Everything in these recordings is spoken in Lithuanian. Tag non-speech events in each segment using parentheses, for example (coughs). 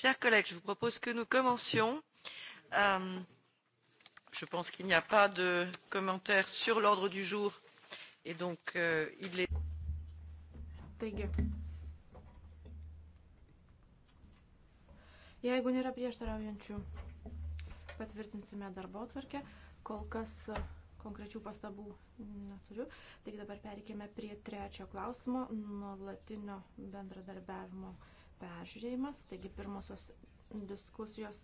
Chers collègues, je vous propose que nous commencions. Euh, je pense qu'il n'y a pas de commentaires sur l'ordre du jour et donc euh, il est. Taigi. Jeigu nėra prieštaraujančių, patvirtinsime darbo atvarkę. Kol kas e, konkrečių pastabų neturiu. Taigi dabar pereikime prie trečio klausimo - nuolatinio bendradarbiavimo. Uh, peržiūrėjimas, taigi pirmosios diskusijos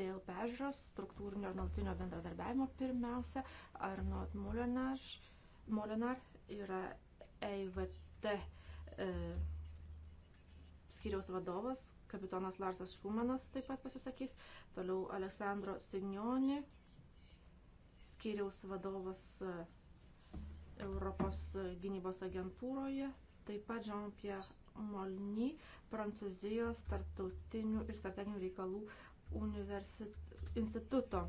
dėl peržiūros struktūrinio ir nuolatinio bendradarbiavimo pirmiausia, Arnaud Molinar yra EIVT e, skyriaus vadovas, kapitonas Larsas Šumanas taip pat pasisakys, toliau Alessandro Signoni, skyriaus vadovas e, Europos gynybos agentūroje, taip pat Jean-Pierre Molny, Prancūzijos tarptautinių ir strateginių reikalų universit... instituto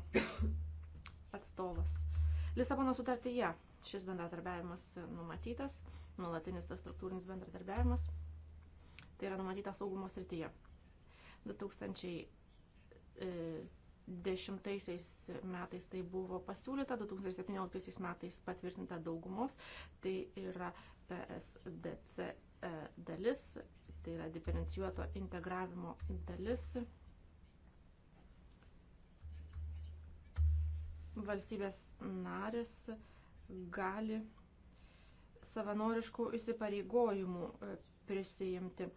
atstovas. Lisabono sutartyje šis bendradarbiavimas numatytas, nuolatinis tas struktūrinis bendradarbiavimas, tai yra numatytas saugumo srityje. 2010 e, metais tai buvo pasiūlyta, 2017 metais patvirtinta daugumos, tai yra PSDC E, dalis, tai yra diferencijuoto integravimo dalis. Valstybės narės gali savanoriškų įsipareigojimų e, prisijimti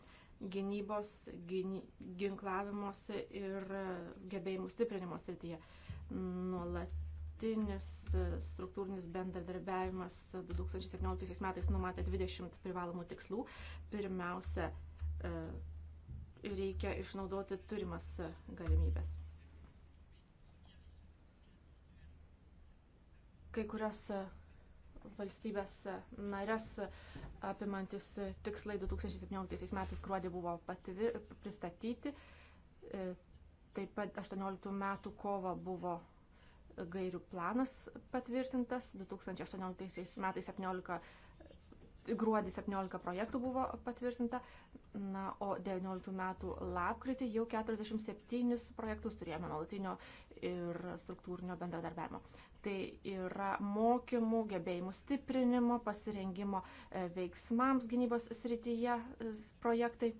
gynybos, gini, ginklavimosi ir e, gebėjimų stiprinimo srityje. Nuolat Dabartinis e, struktūrinis bendradarbiavimas 2017 e, metais numatė 20 privalomų tikslų. Pirmiausia, e, reikia išnaudoti turimas galimybės. Kai kurios valstybės narės apimantis tikslai 2017 metais gruodį buvo patvi, pristatyti. Taip pat 18 metų kovo buvo gairių planas patvirtintas, 2018 metais 17, gruodį 17 projektų buvo patvirtinta, na, o 19 metų lapkritį jau 47 projektus turėjome nuolatinio ir struktūrinio bendradarbiavimo. Tai yra mokymų, gebėjimų stiprinimo, pasirengimo e, veiksmams gynybos srityje e, projektai.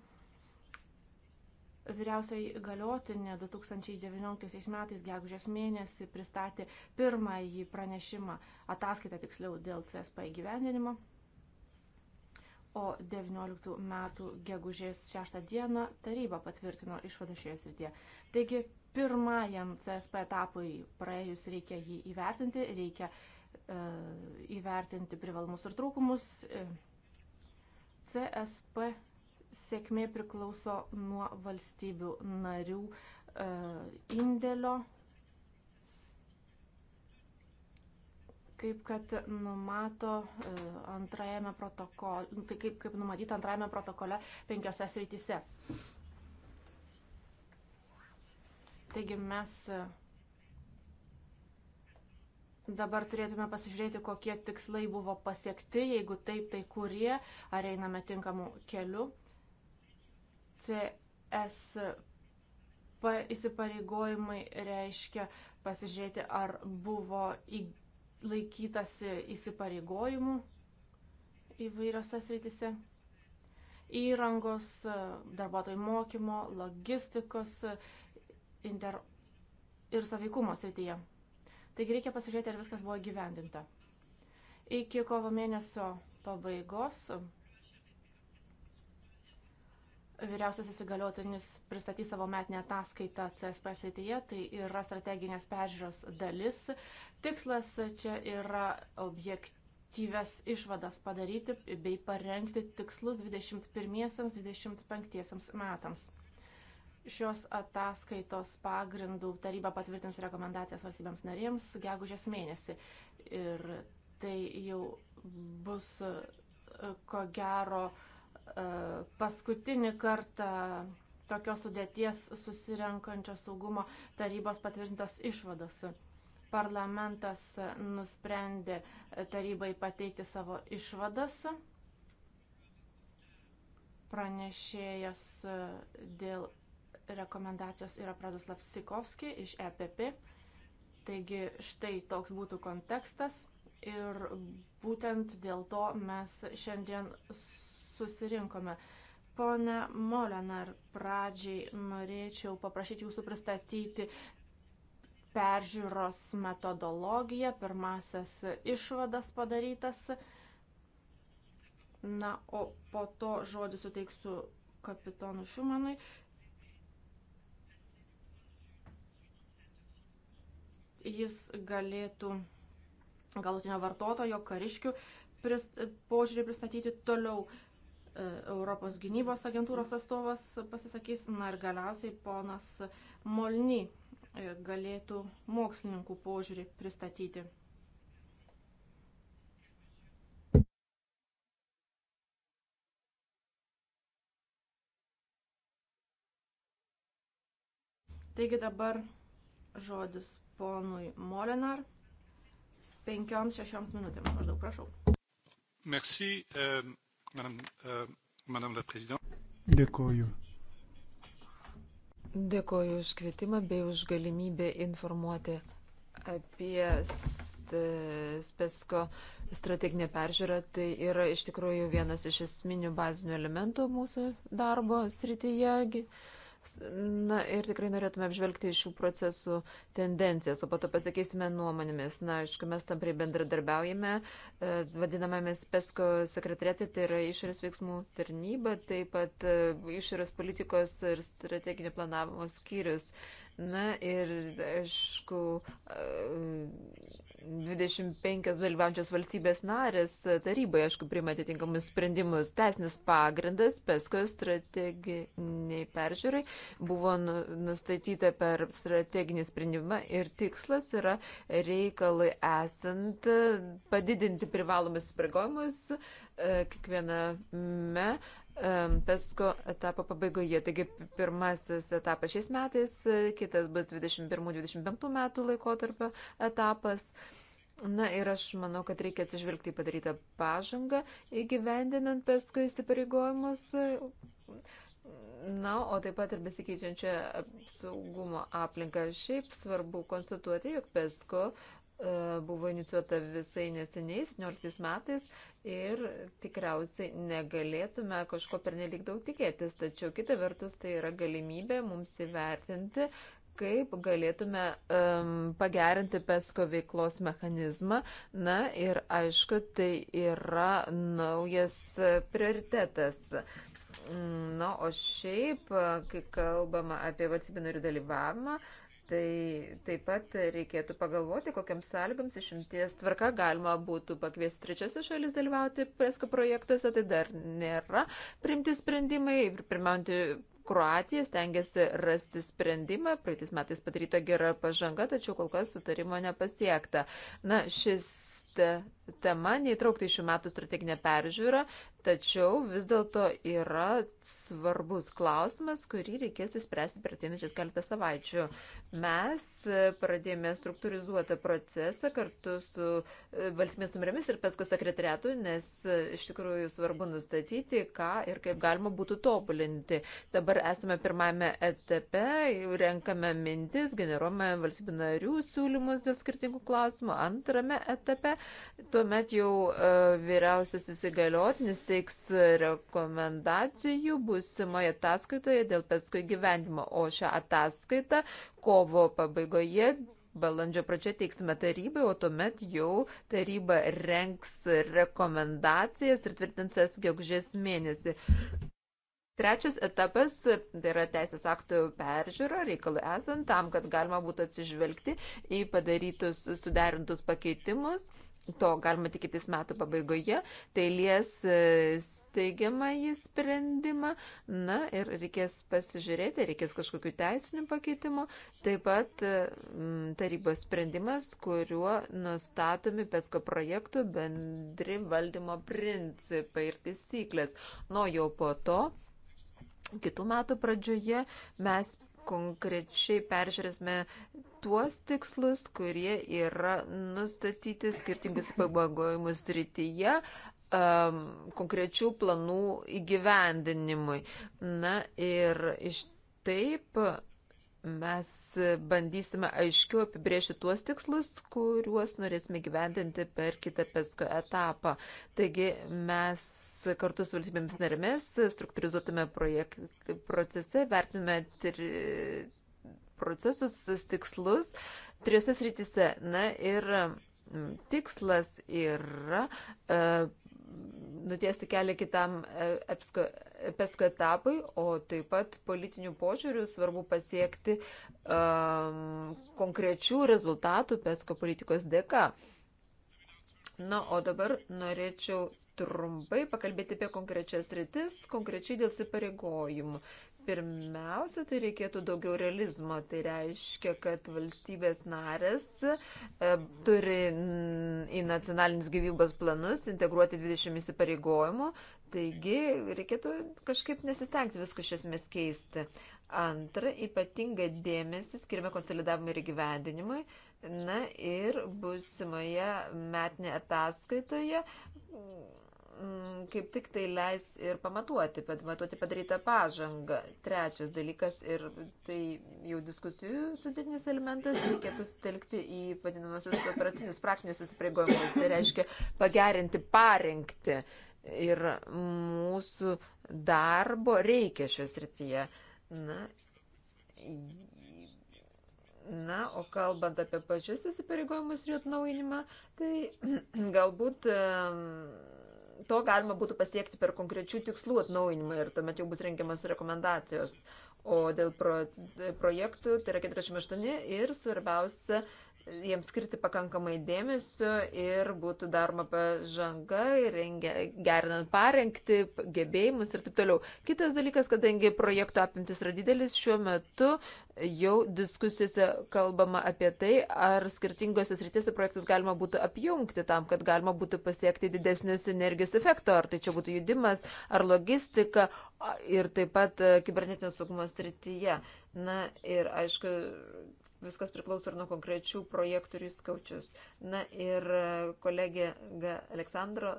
Vyriausiai galiotinė 2019 metais gegužės mėnesį pristatė pirmąjį pranešimą, ataskaitą tiksliau dėl CSP įgyvendinimo. O 19 metų gegužės 6 dieną taryba patvirtino išvadą šioje srityje. Taigi pirmajam CSP etapui praėjus reikia jį įvertinti, reikia e, įvertinti privalumus ir trūkumus. CSP sėkmė priklauso nuo valstybių narių e, indėlio, kaip kad numato e, antrajame protokole, nu, tai kaip, kaip numatyta antrajame protokole penkiose srityse. Taigi mes e, dabar turėtume pasižiūrėti, kokie tikslai buvo pasiekti, jeigu taip, tai kurie, ar einame tinkamu keliu. CSP įsipareigojimai reiškia pasižiūrėti, ar buvo į, laikytasi įsipareigojimų įvairiose srityse. Įrangos, darbuotojų mokymo, logistikos inter... ir saveikumo srityje. Taigi reikia pasižiūrėti, ar viskas buvo gyvendinta. Iki kovo mėnesio pabaigos Vyriausiasis įgaliotinis pristatys savo metinę ataskaitą CSP srityje, tai yra strateginės peržiūros dalis. Tikslas čia yra objektyves išvadas padaryti bei parengti tikslus 21-25 metams. Šios ataskaitos pagrindų taryba patvirtins rekomendacijas valstybėms narėms gegužės mėnesį. Ir tai jau bus ko gero uh, E, paskutinį kartą tokios sudėties susirenkančios saugumo tarybos patvirtintos išvados. Parlamentas nusprendė tarybai pateikti savo išvadas. Pranešėjas dėl rekomendacijos yra Pradoslav Sikovski iš EPP. Taigi štai toks būtų kontekstas ir būtent dėl to mes šiandien susirinkome. Pone Molenar, pradžiai norėčiau paprašyti jūsų pristatyti peržiūros metodologiją, pirmasias išvadas padarytas. Na, o po to žodį suteiksiu kapitonui Šumanui. Jis galėtų galutinio vartotojo kariškių prist, požiūrį pristatyti toliau. Uh, E, Europos gynybos agentūros atstovas pasisakys, na ir galiausiai ponas Molny e, galėtų mokslininkų požiūrį pristatyti. Taigi dabar žodis ponui Molinar. Penkioms, šešioms minutėms maždaug, prašau. Merci. Um... Madame, uh, Madame la Présidente. Dėkoju. Dėkoju už kvietimą bei už galimybę informuoti apie Spesko strateginę peržiūrą. Tai yra iš tikrųjų vienas iš esminių bazinių elementų mūsų darbo srityje Na ir tikrai norėtume apžvelgti šių procesų tendencijas, o pato pasikeisime nuomonėmis. Na, aišku, mes tamprai bendradarbiaujame, e, vadinamame PESCO sekretariatė, tai yra išorės veiksmų tarnyba, taip pat e, išorės politikos ir strateginio planavimo skyrius. Na ir, aišku, 25 dalyvaujančios valstybės narės taryboje, aišku, priima atitinkamus sprendimus. Teisinis pagrindas PESCO strateginiai peržiūrai buvo nu, nustatyta per strateginį sprendimą ir tikslas yra reikalui esant padidinti privalomus įsipareigojimus e, kiekviename PESCO etapo pabaigoje. Taigi pirmasis etapas šiais metais, kitas bus 21-25 metų laikotarpio etapas. Na ir aš manau, kad reikia atsižvelgti į padarytą pažangą įgyvendinant PESCO įsipareigojimus. Na, o taip pat ir besikeičiančią saugumo aplinką. Šiaip svarbu konstatuoti, jog PESCO e, buvo inicijuota visai neseniai, 17 metais, ir tikriausiai negalėtume kažko pernelik daug tikėtis, tačiau kita vertus tai yra galimybė mums įvertinti, kaip galėtume um, pagerinti pesko veiklos mechanizmą. Na ir aišku, tai yra naujas prioritetas. Mm, na, o šiaip, kai kalbama apie valstybių narių dalyvavimą, Tai taip pat reikėtų pagalvoti, kokiams sąlygoms išimties tvarka galima būtų pakviesti trečiasis šalis dalyvauti presko projektuose, tai dar nėra primti sprendimai. Pirmiausia, Kroatija stengiasi rasti sprendimą, praeitais metais padaryta gera pažanga, tačiau kol kas sutarimo nepasiekta. Na, šis tema neįtraukta į šių metų strateginę peržiūrą, Tačiau vis dėlto yra svarbus klausimas, kurį reikės įspręsti per ateinančias keletą savaičių. Mes pradėjome struktūrizuotą procesą kartu su e, valstybės narėmis ir PESCO sekretariatu, nes e, iš tikrųjų svarbu nustatyti, ką ir kaip galima būtų tobulinti. Dabar esame pirmame etape, renkame mintis, generuojame valstybių narių siūlymus dėl skirtingų klausimų. Antrame etape tuomet jau e, vyriausias įsigaliotinis pateiks rekomendacijų būsimoje ataskaitoje dėl paskui gyvenimo, o šią ataskaitą kovo pabaigoje balandžio pradžioje teiksime tarybai, o tuomet jau taryba renks rekomendacijas ir tvirtinsės gegužės mėnesį. Trečias etapas tai yra teisės aktų peržiūra reikalui esant tam, kad galima būtų atsižvelgti į padarytus suderintus pakeitimus To galima tikėtis metų pabaigoje, tai lies e, steigiamą į sprendimą, na ir reikės pasižiūrėti, reikės kažkokių teisinių pakeitimų, taip pat e, tarybos sprendimas, kuriuo nustatomi PESCO projektų bendri valdymo principai ir taisyklės. Nu, jau po to, kitų metų pradžioje mes konkrečiai peržiūrėsime tuos tikslus, kurie yra nustatyti skirtingus pabagojimus rytyje um, konkrečių planų įgyvendinimui. Na ir iš taip mes bandysime aiškiau apibrėžti tuos tikslus, kuriuos norėsime gyvendinti per kitą pesko etapą. Taigi mes kartu su valstybėmis narėmis struktūrizuotame projekt, procese, vertiname tri, procesus, tikslus trijose srityse. Na ir tikslas yra e, nutiesti kelią kitam e, EPSCO, EPSCO etapui, o taip pat politinių požiūrių svarbu pasiekti um, e, konkrečių rezultatų PESCO politikos dėka. Na, o dabar norėčiau trumpai pakalbėti apie konkrečias rytis, konkrečiai dėl sipareigojimų. Pirmiausia, tai reikėtų daugiau realizmo. Tai reiškia, kad valstybės narės e, turi į nacionalinius gyvybos planus integruoti 20 įsipareigojimų. Taigi reikėtų kažkaip nesistengti visko iš esmės keisti. Antra, ypatinga dėmesį skirime konsolidavimui ir gyvendinimui. Na ir busimoje metinėje ataskaitoje Mm, kaip tik tai leis ir pamatuoti, pamatuoti padarytą pažangą. Trečias dalykas ir tai jau diskusijų sudėtinis elementas, reikėtų sutelkti į vadinamosius operacinius praktinius įsipareigojimus, tai reiškia pagerinti parengti. Ir mūsų darbo reikia šios rytyje. Na, Na, o kalbant apie pačius įsipareigojimus ir atnaujinimą, tai (clears throat) galbūt to galima būtų pasiekti per konkrečių tikslų atnaujinimą ir tuomet jau bus rengiamas rekomendacijos. O dėl pro, projektų tai yra 48 ir svarbiausia jiems skirti pakankamai dėmesio ir būtų daroma pažanga, rengia, gerinant parengti, gebėjimus ir taip toliau. Kitas dalykas, kadangi projekto apimtis yra didelis, šiuo metu jau diskusijose kalbama apie tai, ar skirtingose srityse projektus galima būtų apjungti tam, kad galima būtų pasiekti didesnio sinergijos efekto, ar tai čia būtų judimas, ar logistika ir taip pat e, kibernetinio saugumo srityje. Na ir aišku, Viskas priklauso ir nuo konkrečių projektų ir jų skaučius. Na ir e, kolegė Aleksandro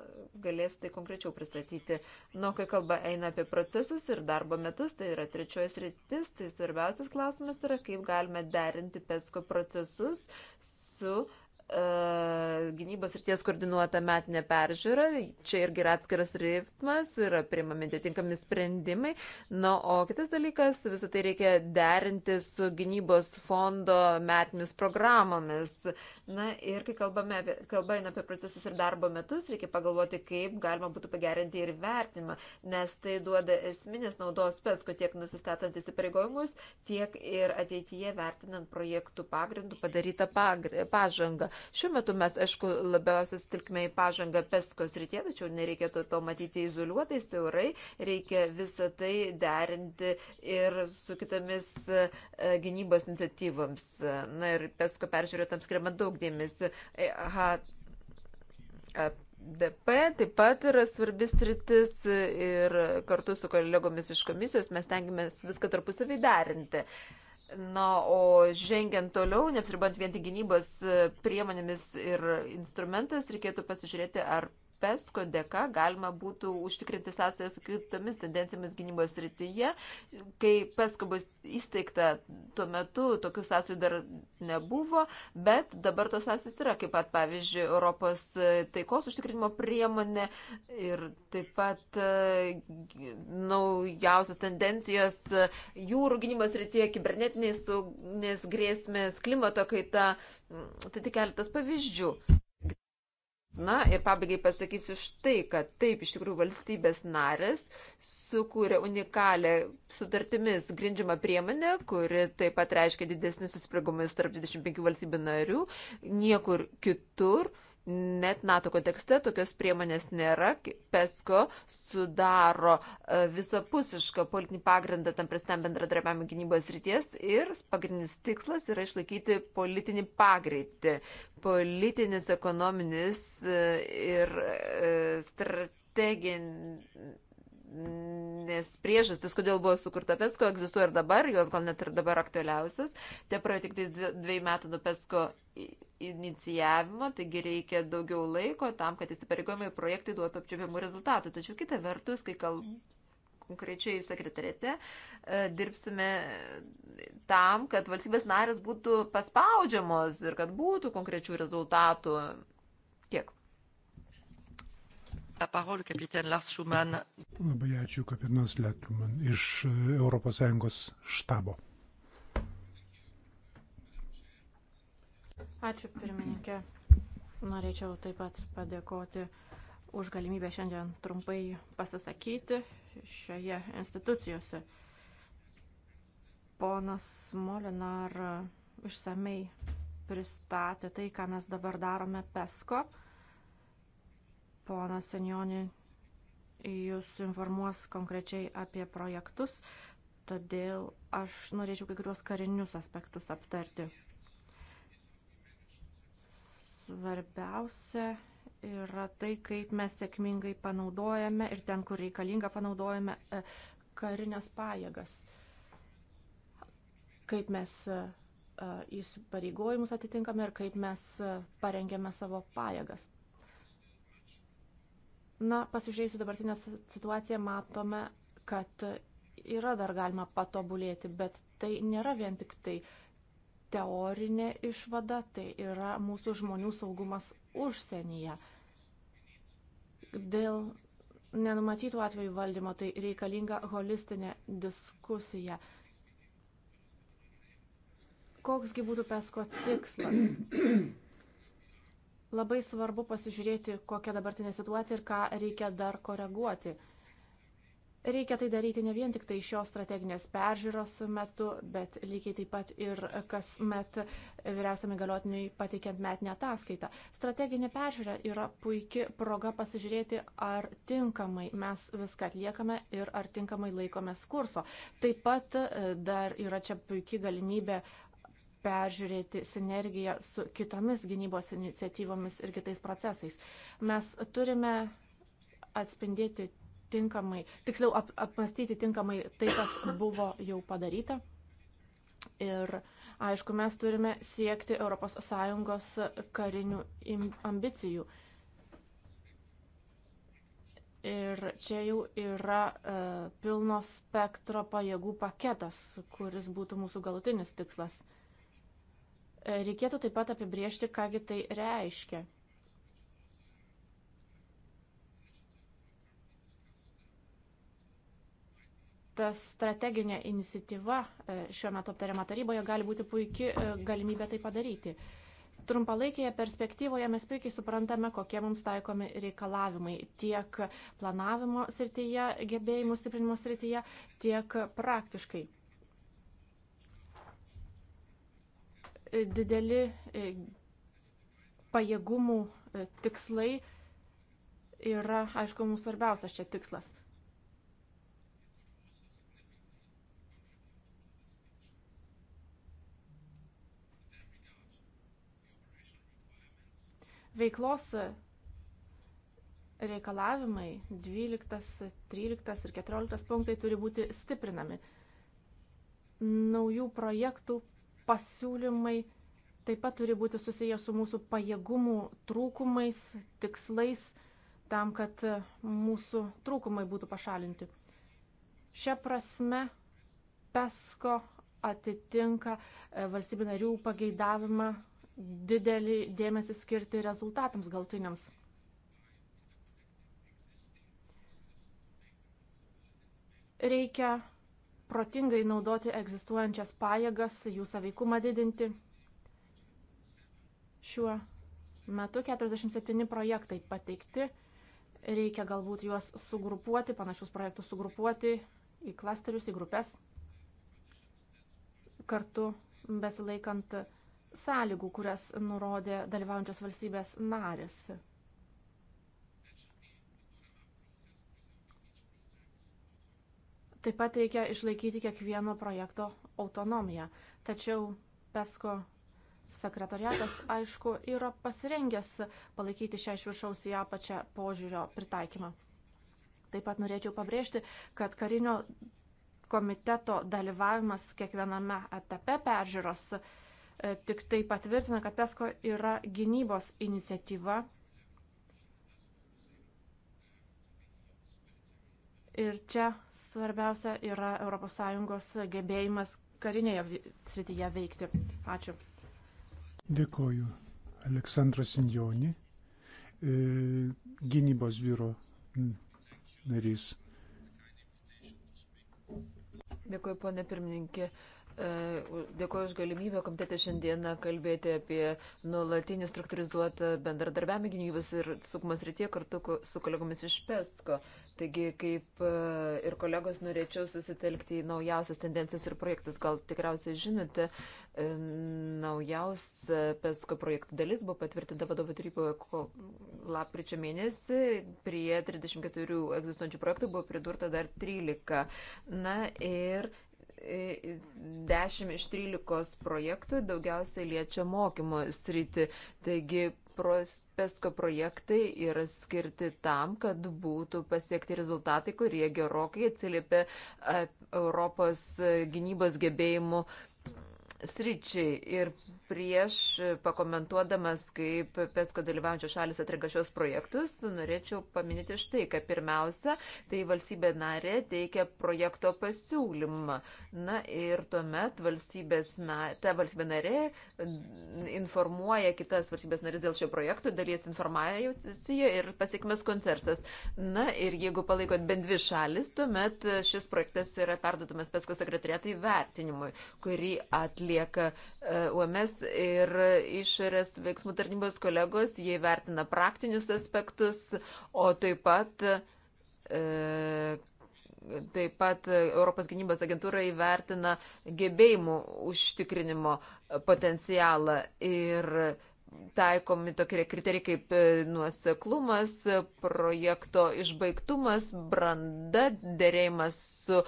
galės tai konkrečiau pristatyti. Nu, kai kalba eina apie procesus ir darbo metus, tai yra trečioji sritis, tai svarbiausias klausimas yra, kaip galime derinti PESCO procesus su uh, E, gynybos ryties koordinuota metinė peržiūra, čia irgi yra atskiras ritmas, yra priimami atitinkami sprendimai. Na, nu, o kitas dalykas, visą tai reikia derinti su gynybos fondo metinėmis programomis. Na ir kai kalbame apie, kalba eina apie procesus ir darbo metus, reikia pagalvoti, kaip galima būtų pagerinti ir vertinimą, nes tai duoda esminės naudos pesko tiek nusistatant įsipareigojimus, tiek ir ateityje vertinant projektų pagrindų padarytą pagr pažangą. Šiuo metu mes, aišku, labiausiai sutilkime į pažangą pesko srityje, tačiau nereikėtų to matyti izoliuotai, siaurai, reikia visą tai derinti ir su kitomis e, gynybos iniciatyvoms. Na ir pesko peržiūrėtams skiriama daug žmogdėmis. E, e, DP taip pat yra svarbis rytis ir kartu su kolegomis iš komisijos mes tengiamės viską tarpusavį derinti. Na, o žengiant toliau, neapsiribant vien tik gynybos priemonėmis ir instrumentas, reikėtų pasižiūrėti, ar PESCO dėka galima būtų užtikrinti sąsąją su kitomis tendencijomis gynybos rytyje. Kai PESCO bus įsteigta, tuo metu tokių sąsajų dar nebuvo, bet dabar tos sąsajos yra, kaip pat, pavyzdžiui, Europos taikos užtikrinimo priemonė ir taip pat e, naujausios tendencijos jūrų gynybos rytyje, kibernetinės grėsmės, klimato kaita. Tai tik keletas pavyzdžių. Na ir pabaigai pasakysiu štai, kad taip iš tikrųjų valstybės narės sukūrė unikalią sutartimis grindžiamą priemonę, kuri taip pat reiškia didesnius įsprigumus tarp 25 valstybių narių, niekur kitur Net NATO kontekste tokios priemonės nėra. PESCO sudaro e, visapusišką politinį pagrindą tam prastam bendradarbiavimo gynybos ryties ir pagrindinis tikslas yra išlaikyti politinį pagreitį. Politinis, ekonominis e, ir e, strateginis nes priežastis, kodėl buvo sukurta PESCO, egzistuoja ir dabar, jos gal net ir dabar aktualiausios. Te praėjo tik tai dviejų metų nuo PESCO inicijavimo, taigi reikia daugiau laiko tam, kad įsipareigojimai projektai duotų apčiopiamų rezultatų. Tačiau kita vertus, kai kalbame konkrečiai sekretarėte, e, dirbsime tam, kad valstybės narės būtų paspaudžiamos ir kad būtų konkrečių rezultatų. Tiek. Labai ačiū, kapitanas Letruman iš ES štabo. Ačiū, pirmininkė. Norėčiau taip pat padėkoti už galimybę šiandien trumpai pasisakyti šioje institucijose. Ponas Molinar išsamei pristatė tai, ką mes dabar darome PESCO Ponas Senjoni jūs informuos konkrečiai apie projektus, todėl aš norėčiau kai kuriuos karinius aspektus aptarti. Svarbiausia yra tai, kaip mes sėkmingai panaudojame ir ten, kur reikalinga, panaudojame e, karinės pajėgas. Kaip mes e, e, įsipareigojimus atitinkame ir kaip mes parengėme savo pajėgas. Na, pasižiūrėjus į dabartinę situaciją, matome, kad yra dar galima patobulėti, bet tai nėra vien tik tai teorinė išvada, tai yra mūsų žmonių saugumas užsienyje. Dėl nenumatytų atvejų valdymo tai reikalinga holistinė diskusija. Koksgi būtų pesko tikslas? (coughs) Labai svarbu pasižiūrėti, kokia dabartinė situacija ir ką reikia dar koreguoti. Reikia tai daryti ne vien tik tai šios strateginės peržiūros metu, bet lygiai taip pat ir kas met vyriausiam įgaliotiniui pateikiant metinę ataskaitą. Strateginė peržiūra yra puikia proga pasižiūrėti, ar tinkamai mes viską atliekame ir ar tinkamai laikomės kurso. Taip pat e, dar yra čia puikia galimybė peržiūrėti sinergiją su kitomis gynybos iniciatyvomis ir kitais procesais. Mes turime atspindėti tinkamai, tiksliau ap, apmastyti tinkamai tai, kas buvo jau padaryta. Ir aišku, mes turime siekti ES karinių ambicijų. Ir čia jau yra e, pilno spektro pajėgų paketas, kuris būtų mūsų galutinis tikslas. E, reikėtų taip pat apibriežti, kągi tai reiškia. ta strateginė iniciatyva e, šiuo metu aptariama taryboje gali būti puikia e, galimybė tai padaryti. Trumpalaikėje perspektyvoje mes puikiai suprantame, kokie mums taikomi reikalavimai tiek planavimo srityje, gebėjimų stiprinimo srityje, tiek praktiškai. dideli e, pajėgumų e, tikslai yra, aišku, mūsų svarbiausias čia tikslas. Veiklos reikalavimai 12, 13 ir 14 punktai turi būti stiprinami. Naujų projektų pasiūlymai taip pat turi būti susiję su mūsų pajėgumų trūkumais, tikslais, tam, kad e, mūsų trūkumai būtų pašalinti. Šią prasme PESCO atitinka e, valstybių narių pageidavimą didelį dėmesį skirti rezultatams galtiniams. Reikia protingai naudoti egzistuojančias pajėgas, jų saveikumą didinti. Šiuo metu 47 projektai pateikti, reikia galbūt juos sugrupuoti, panašius projektus sugrupuoti į klasterius, į grupės, kartu besilaikant sąlygų, kurias nurodė dalyvaujančios valstybės narės. Taip pat reikia išlaikyti kiekvieno projekto autonomiją. Tačiau PESCO sekretariatas, aišku, yra pasirengęs palaikyti šią iš viršaus į apačią požiūrio pritaikymą. Taip pat norėčiau pabrėžti, kad karinio komiteto dalyvavimas kiekviename etape peržiūros e, tik tai patvirtina, kad PESCO yra gynybos iniciatyva Ir čia svarbiausia yra ES gebėjimas karinėje srityje veikti. Ačiū. Dėkoju. Aleksandras Injoni, e, gynybos biuro narys. Dėkoju, ponė pirmininkė. E, Dėkuoju už galimybę komitete šiandieną kalbėti apie nuolatinį struktūrizuotą bendradarbiavimą gynybos ir saugumas rytie kartu su kolegomis iš PESCO. Taigi, kaip e, ir kolegos, norėčiau susitelkti į naujausias tendencijas ir projektus. Gal tikriausiai žinote, e, naujausia PESCO projektų dalis buvo patvirtinta vadovo taryboje lapkričio mėnesį. Prie 34 egzistuojančių projektų buvo pridurta dar 13. Na ir 10 iš 13 projektų daugiausiai liečia mokymo sritį. Taigi PESCO projektai yra skirti tam, kad būtų pasiekti rezultatai, kurie gerokai atsiliepia Europos gynybos gebėjimų sričiai ir prieš pakomentuodamas, kaip PESCO dalyvaujančios šalis atrenka šios projektus, norėčiau paminėti štai, kad pirmiausia, tai valstybė narė teikia projekto pasiūlymą. Na ir tuomet valstybės, na, ta valstybė narė informuoja kitas valstybės narės dėl šio projekto, dalies informaciją ir pasiekmes koncertas. Na ir jeigu palaikot bent dvi šalis, tuomet šis projektas yra perduodamas PESCO sekretariatui vertinimui, kurį atlieka atlieka e, UMS ir išorės veiksmų tarnybos kolegos, jie vertina praktinius aspektus, o taip pat e, Taip pat Europos gynybos agentūra įvertina gebėjimų užtikrinimo potencialą ir taikomi tokie kriterijai kaip e, nuoseklumas, projekto išbaigtumas, branda, dėrėjimas su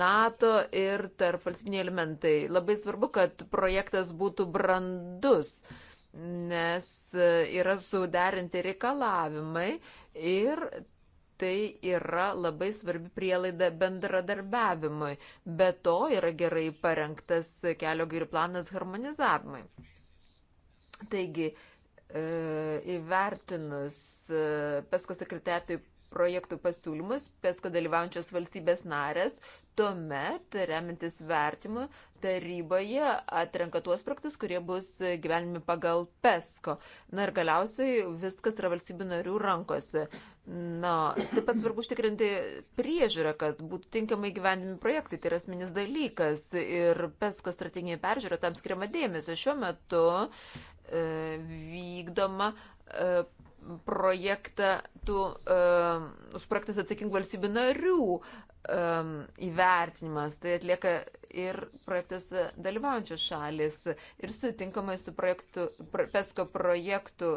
NATO ir tarp valstybiniai elementai. Labai svarbu, kad projektas būtų brandus, nes e, yra suderinti reikalavimai ir tai yra labai svarbi prielaida bendradarbiavimui. Be to yra gerai parengtas kelio gairių planas harmonizavimui. Taigi, e, įvertinus e, PESCO sekretariatui projektų pasiūlymus, PESCO dalyvaujančios valstybės narės, tuomet, remintis vertimu, taryboje atrenka tuos projektus, kurie bus gyvenimi pagal PESCO. Na ir galiausiai viskas yra valstybių narių rankose. Na, taip pat svarbu užtikrinti priežiūrą, kad būtų tinkamai gyvendami projektai, tai yra asmenis dalykas ir PESCO strateginė peržiūra tam skiriama dėmesio. Šiuo metu E, vykdoma e, projektą, tų, e, už projektus atsakingų valstybių narių įvertinimas. Tai atlieka ir projektas dalyvaujančios šalis ir sutinkamai su projektu, PESCO projektu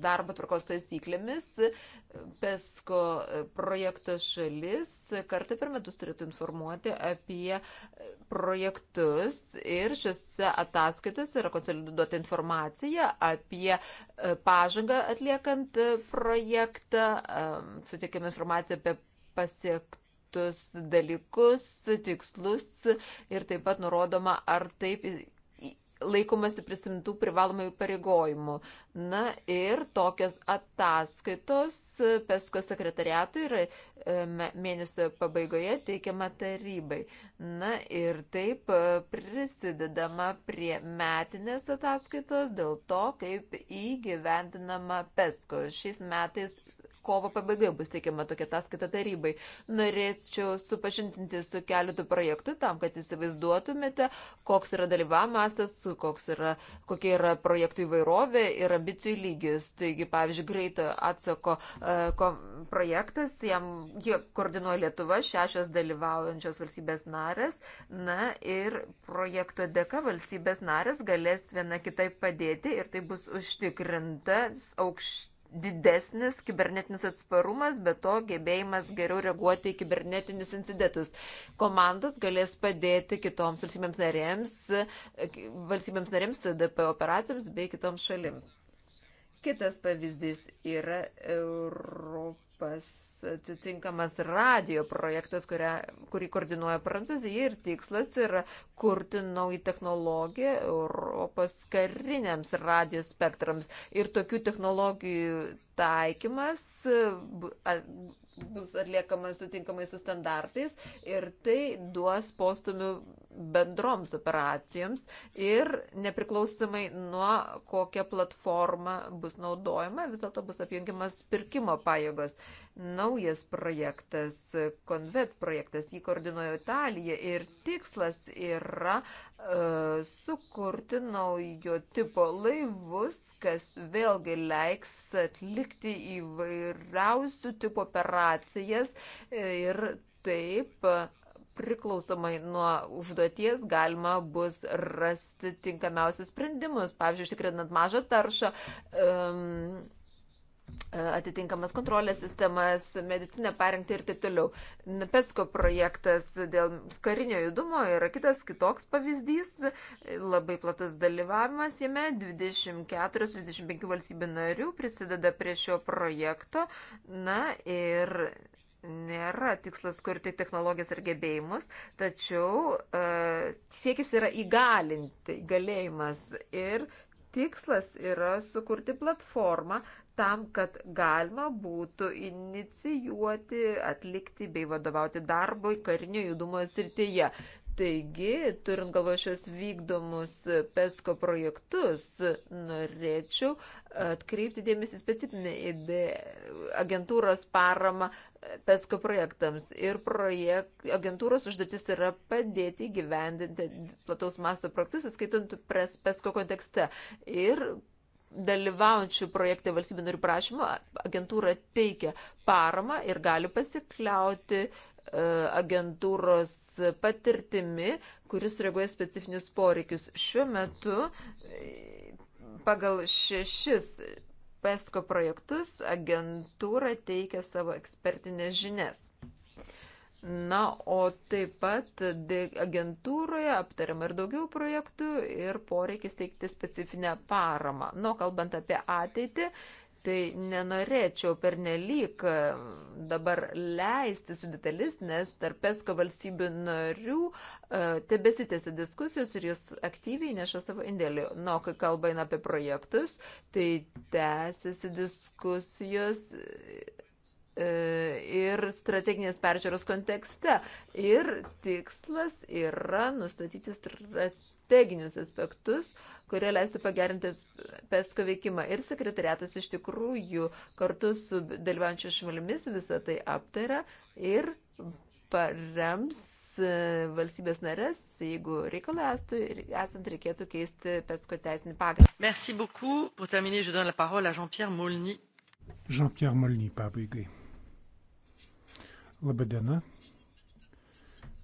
darbo tvarkos taisyklėmis PESCO projekto šalis kartą per metus turėtų informuoti apie projektus ir šiuose ataskaitos yra konsoliduota informacija apie e, pažangą atliekant e, projektą, e, suteikiam informaciją apie pasiektų dalykus, tikslus ir taip pat nurodoma, ar taip laikomasi prisimtų privalomai pareigojimų. Na ir tokias ataskaitos PESCO sekretariatui yra e, mėnesio pabaigoje teikiama tarybai. Na ir taip e, prisidedama prie metinės ataskaitos dėl to, kaip įgyvendinama PESCO. Šiais metais kovo pabaigoje bus teikiama tokia ataskaita tarybai. Norėčiau supažintinti su keletu projektų tam, kad įsivaizduotumėte, koks yra dalyvavimo mastas, koks yra, kokia yra projektų įvairovė ir ambicijų lygis. Taigi, pavyzdžiui, greito atsako uh, projektas, jam jie koordinuoja Lietuva, šešios dalyvaujančios valstybės narės. Na ir projekto dėka valstybės narės galės viena kitai padėti ir tai bus užtikrintas aukštas didesnis kibernetinis atsparumas, bet to gebėjimas geriau reaguoti į kibernetinius incidentus. Komandos galės padėti kitoms valstybėms narėms, valstybėms narėms CDP operacijoms bei kitoms šalims. Kitas pavyzdys yra Europos pas atitinkamas radio projektas, kurią, kurį koordinuoja Prancūzija ir tikslas yra kurti naują technologiją Europos kariniams radio spektrams. Ir tokių technologijų taikymas bus atliekama sutinkamai su standartais ir tai duos postumių bendroms operacijoms ir nepriklausomai nuo kokia platforma bus naudojama, vis dėlto bus apjungiamas pirkimo pajėgos naujas projektas, konvet projektas, jį koordinuoja Italija ir tikslas yra uh, sukurti naujo tipo laivus, kas vėlgi leiks atlikti įvairiausių tipo operacijas ir taip priklausomai nuo užduoties galima bus rasti tinkamiausius sprendimus, pavyzdžiui, ištikrinant mažą taršą. Um, atitinkamas kontrolės sistemas, medicinę parengtį ir taip toliau. PESCO projektas dėl karinio judumo yra kitas kitoks pavyzdys, labai platus dalyvavimas jame, 24-25 valstybių narių prisideda prie šio projekto. Na ir nėra tikslas kurti technologijas ir gebėjimus, tačiau uh, siekis yra įgalinti, galėjimas ir Tikslas yra sukurti platformą tam, kad galima būtų inicijuoti, atlikti bei vadovauti darbui karinio judumo srityje. Taigi, turint galvo šios vykdomus PESCO projektus, norėčiau atkreipti dėmesį specifinę agentūros paramą PESCO projektams ir projekt, agentūros užduotis yra padėti gyvendinti plataus masto projektus, skaitant PESCO kontekste. Ir dalyvaujančių projekte valstybių narių prašymą agentūra teikia paramą ir gali pasikliauti e, agentūros patirtimi, kuris reaguoja specifinius poreikius. Šiuo metu e, pagal šešis PESCO projektus agentūra teikia savo ekspertinės žinias. Na, o taip pat agentūroje aptariama ir daugiau projektų ir poreikis teikti specifinę paramą. Nu, kalbant apie ateitį, tai nenorėčiau pernelyg e, dabar leistis į detalis, nes tarp pesko valstybių narių e, tebesitėsi diskusijos ir jūs aktyviai neša savo indėlį. Na, kai kalba eina apie projektus, tai tęsiasi diskusijos e, ir strateginės peržiūros kontekste. Ir tikslas yra nustatyti strategiją strateginius aspektus, kurie leistų pagerinti pesko veikimą. Ir sekretariatas iš tikrųjų kartu su dalyvaujančiu švalimis visą tai aptarė ir parems e, valstybės narės, jeigu reikalai estų ir esant reikėtų keisti pesko teisinį pagrindą. Merci beaucoup. Pour terminer, je donne la parole à Jean-Pierre Molny. Jean-Pierre Molny pabaigai. Labadiena. diena.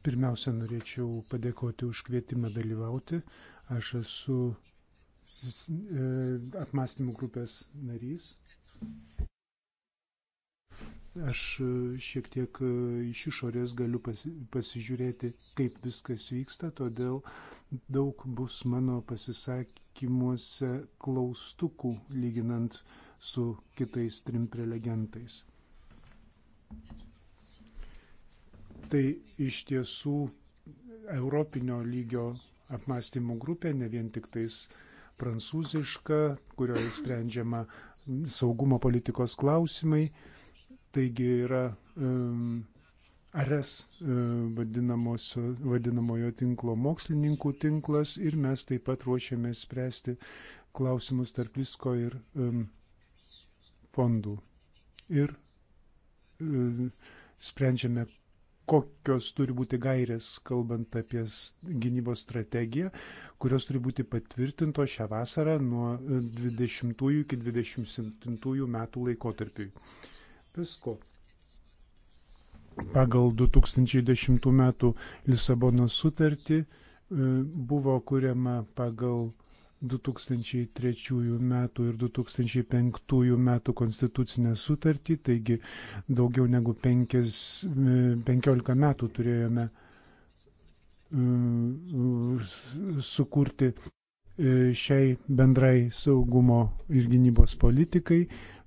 Pirmiausia, norėčiau padėkoti už kvietimą dalyvauti. Aš esu e, apmąstymų grupės narys. Aš e, šiek tiek e, iš išorės galiu pasi, pasižiūrėti, kaip viskas vyksta, todėl daug bus mano pasisakymuose klaustukų lyginant su kitais trim prelegentais. Tai iš tiesų europinio lygio apmąstymų grupė, ne vien tik tais prancūziška, kurioje sprendžiama saugumo politikos klausimai. Taigi yra um, ARES e, vadinamojo tinklo mokslininkų tinklas ir mes taip pat ruošiamės spręsti klausimus tarp visko ir um, fondų. Ir um, sprendžiame kokios turi būti gairės, kalbant apie gynybos strategiją, kurios turi būti patvirtintos šią vasarą nuo 20 e, iki 27 metų laikotarpiui. Visko. Pagal 2010 metų Lisabono sutartį e, buvo kuriama pagal 2003 metų ir 2005 metų konstitucinę sutartį, taigi daugiau negu 5, 15 e, metų turėjome e, sukurti e, šiai bendrai saugumo ir gynybos politikai.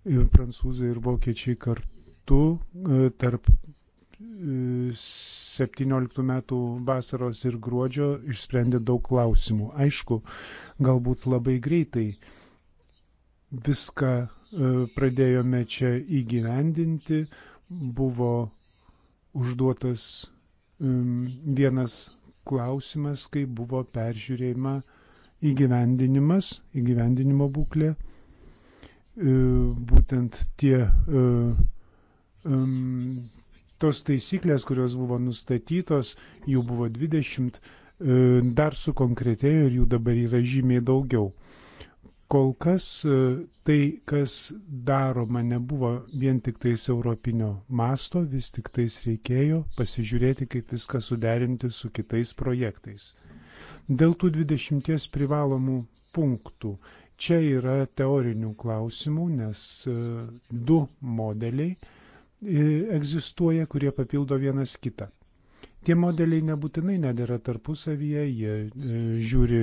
Prancūzai ir vokiečiai kartu tarp 17 metų vasaros ir gruodžio išsprendė daug klausimų. Aišku, galbūt labai greitai viską e, pradėjome čia įgyvendinti, buvo užduotas vienas klausimas, kai buvo peržiūrėjama įgyvendinimas, įgyvendinimo būklė, e, būtent tie e, tos taisyklės, kurios buvo nustatytos, jų buvo 20, e, dar sukonkretėjo ir jų dabar yra žymiai daugiau. Kol kas e, tai, kas daroma, nebuvo vien tik tais europinio masto, vis tik tais reikėjo pasižiūrėti, kaip viską suderinti su kitais projektais. Dėl tų 20 privalomų punktų čia yra teorinių klausimų, nes e, du modeliai E, egzistuoja, kurie papildo vienas kitą. Tie modeliai nebūtinai nedėra tarpusavyje, jie e, žiūri,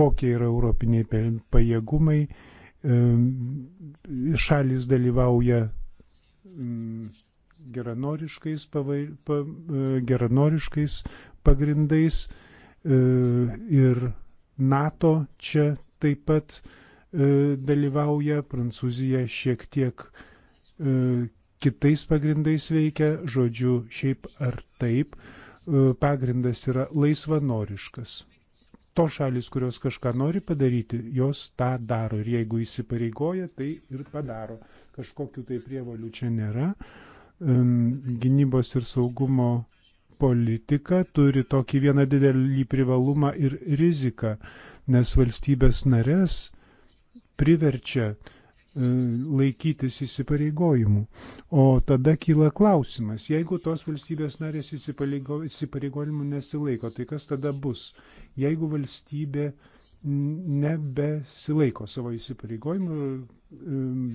kokie yra europiniai pajėgumai, e, šalis dalyvauja mm, geranoriškais, pavai, pa, geranoriškais pagrindais ir NATO čia taip pat dalyvauja, Prancūzija šiek tiek kitais pagrindais veikia, žodžiu, šiaip ar taip, e, pagrindas yra laisvanoriškas. To šalis, kurios kažką nori padaryti, jos tą daro ir jeigu įsipareigoja, tai ir padaro. Kažkokių tai prievalių čia nėra. Gynybos ir saugumo politika turi tokį vieną didelį privalumą ir riziką, nes valstybės narės priverčia uh, E, laikytis įsipareigojimų. O tada kyla klausimas, jeigu tos valstybės narės įsipareigojimų nesilaiko, tai kas tada bus, jeigu valstybė nebesilaiko savo įsipareigojimų e,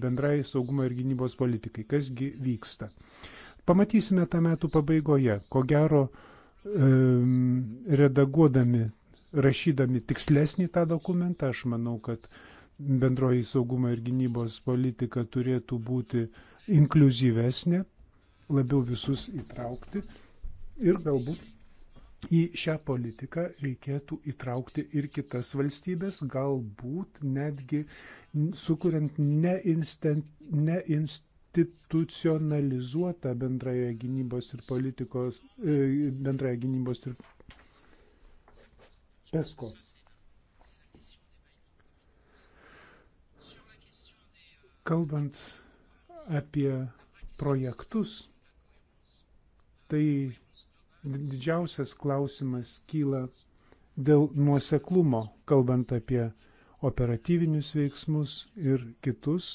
bendrai saugumo ir gynybos politikai, kasgi vyksta. Pamatysime tą metų pabaigoje, ko gero e, redaguodami, rašydami tikslesnį tą dokumentą, aš manau, kad bendroji saugumo ir gynybos politika turėtų būti inkluzyvesnė, labiau visus įtraukti ir galbūt į šią politiką reikėtų įtraukti ir kitas valstybės, galbūt netgi sukuriant neinstitucionalizuotą bendrąją gynybos ir politikos, e, bendrąją gynybos ir PESCO Kalbant apie projektus, tai didžiausias klausimas kyla dėl nuoseklumo, kalbant apie operatyvinius veiksmus ir kitus.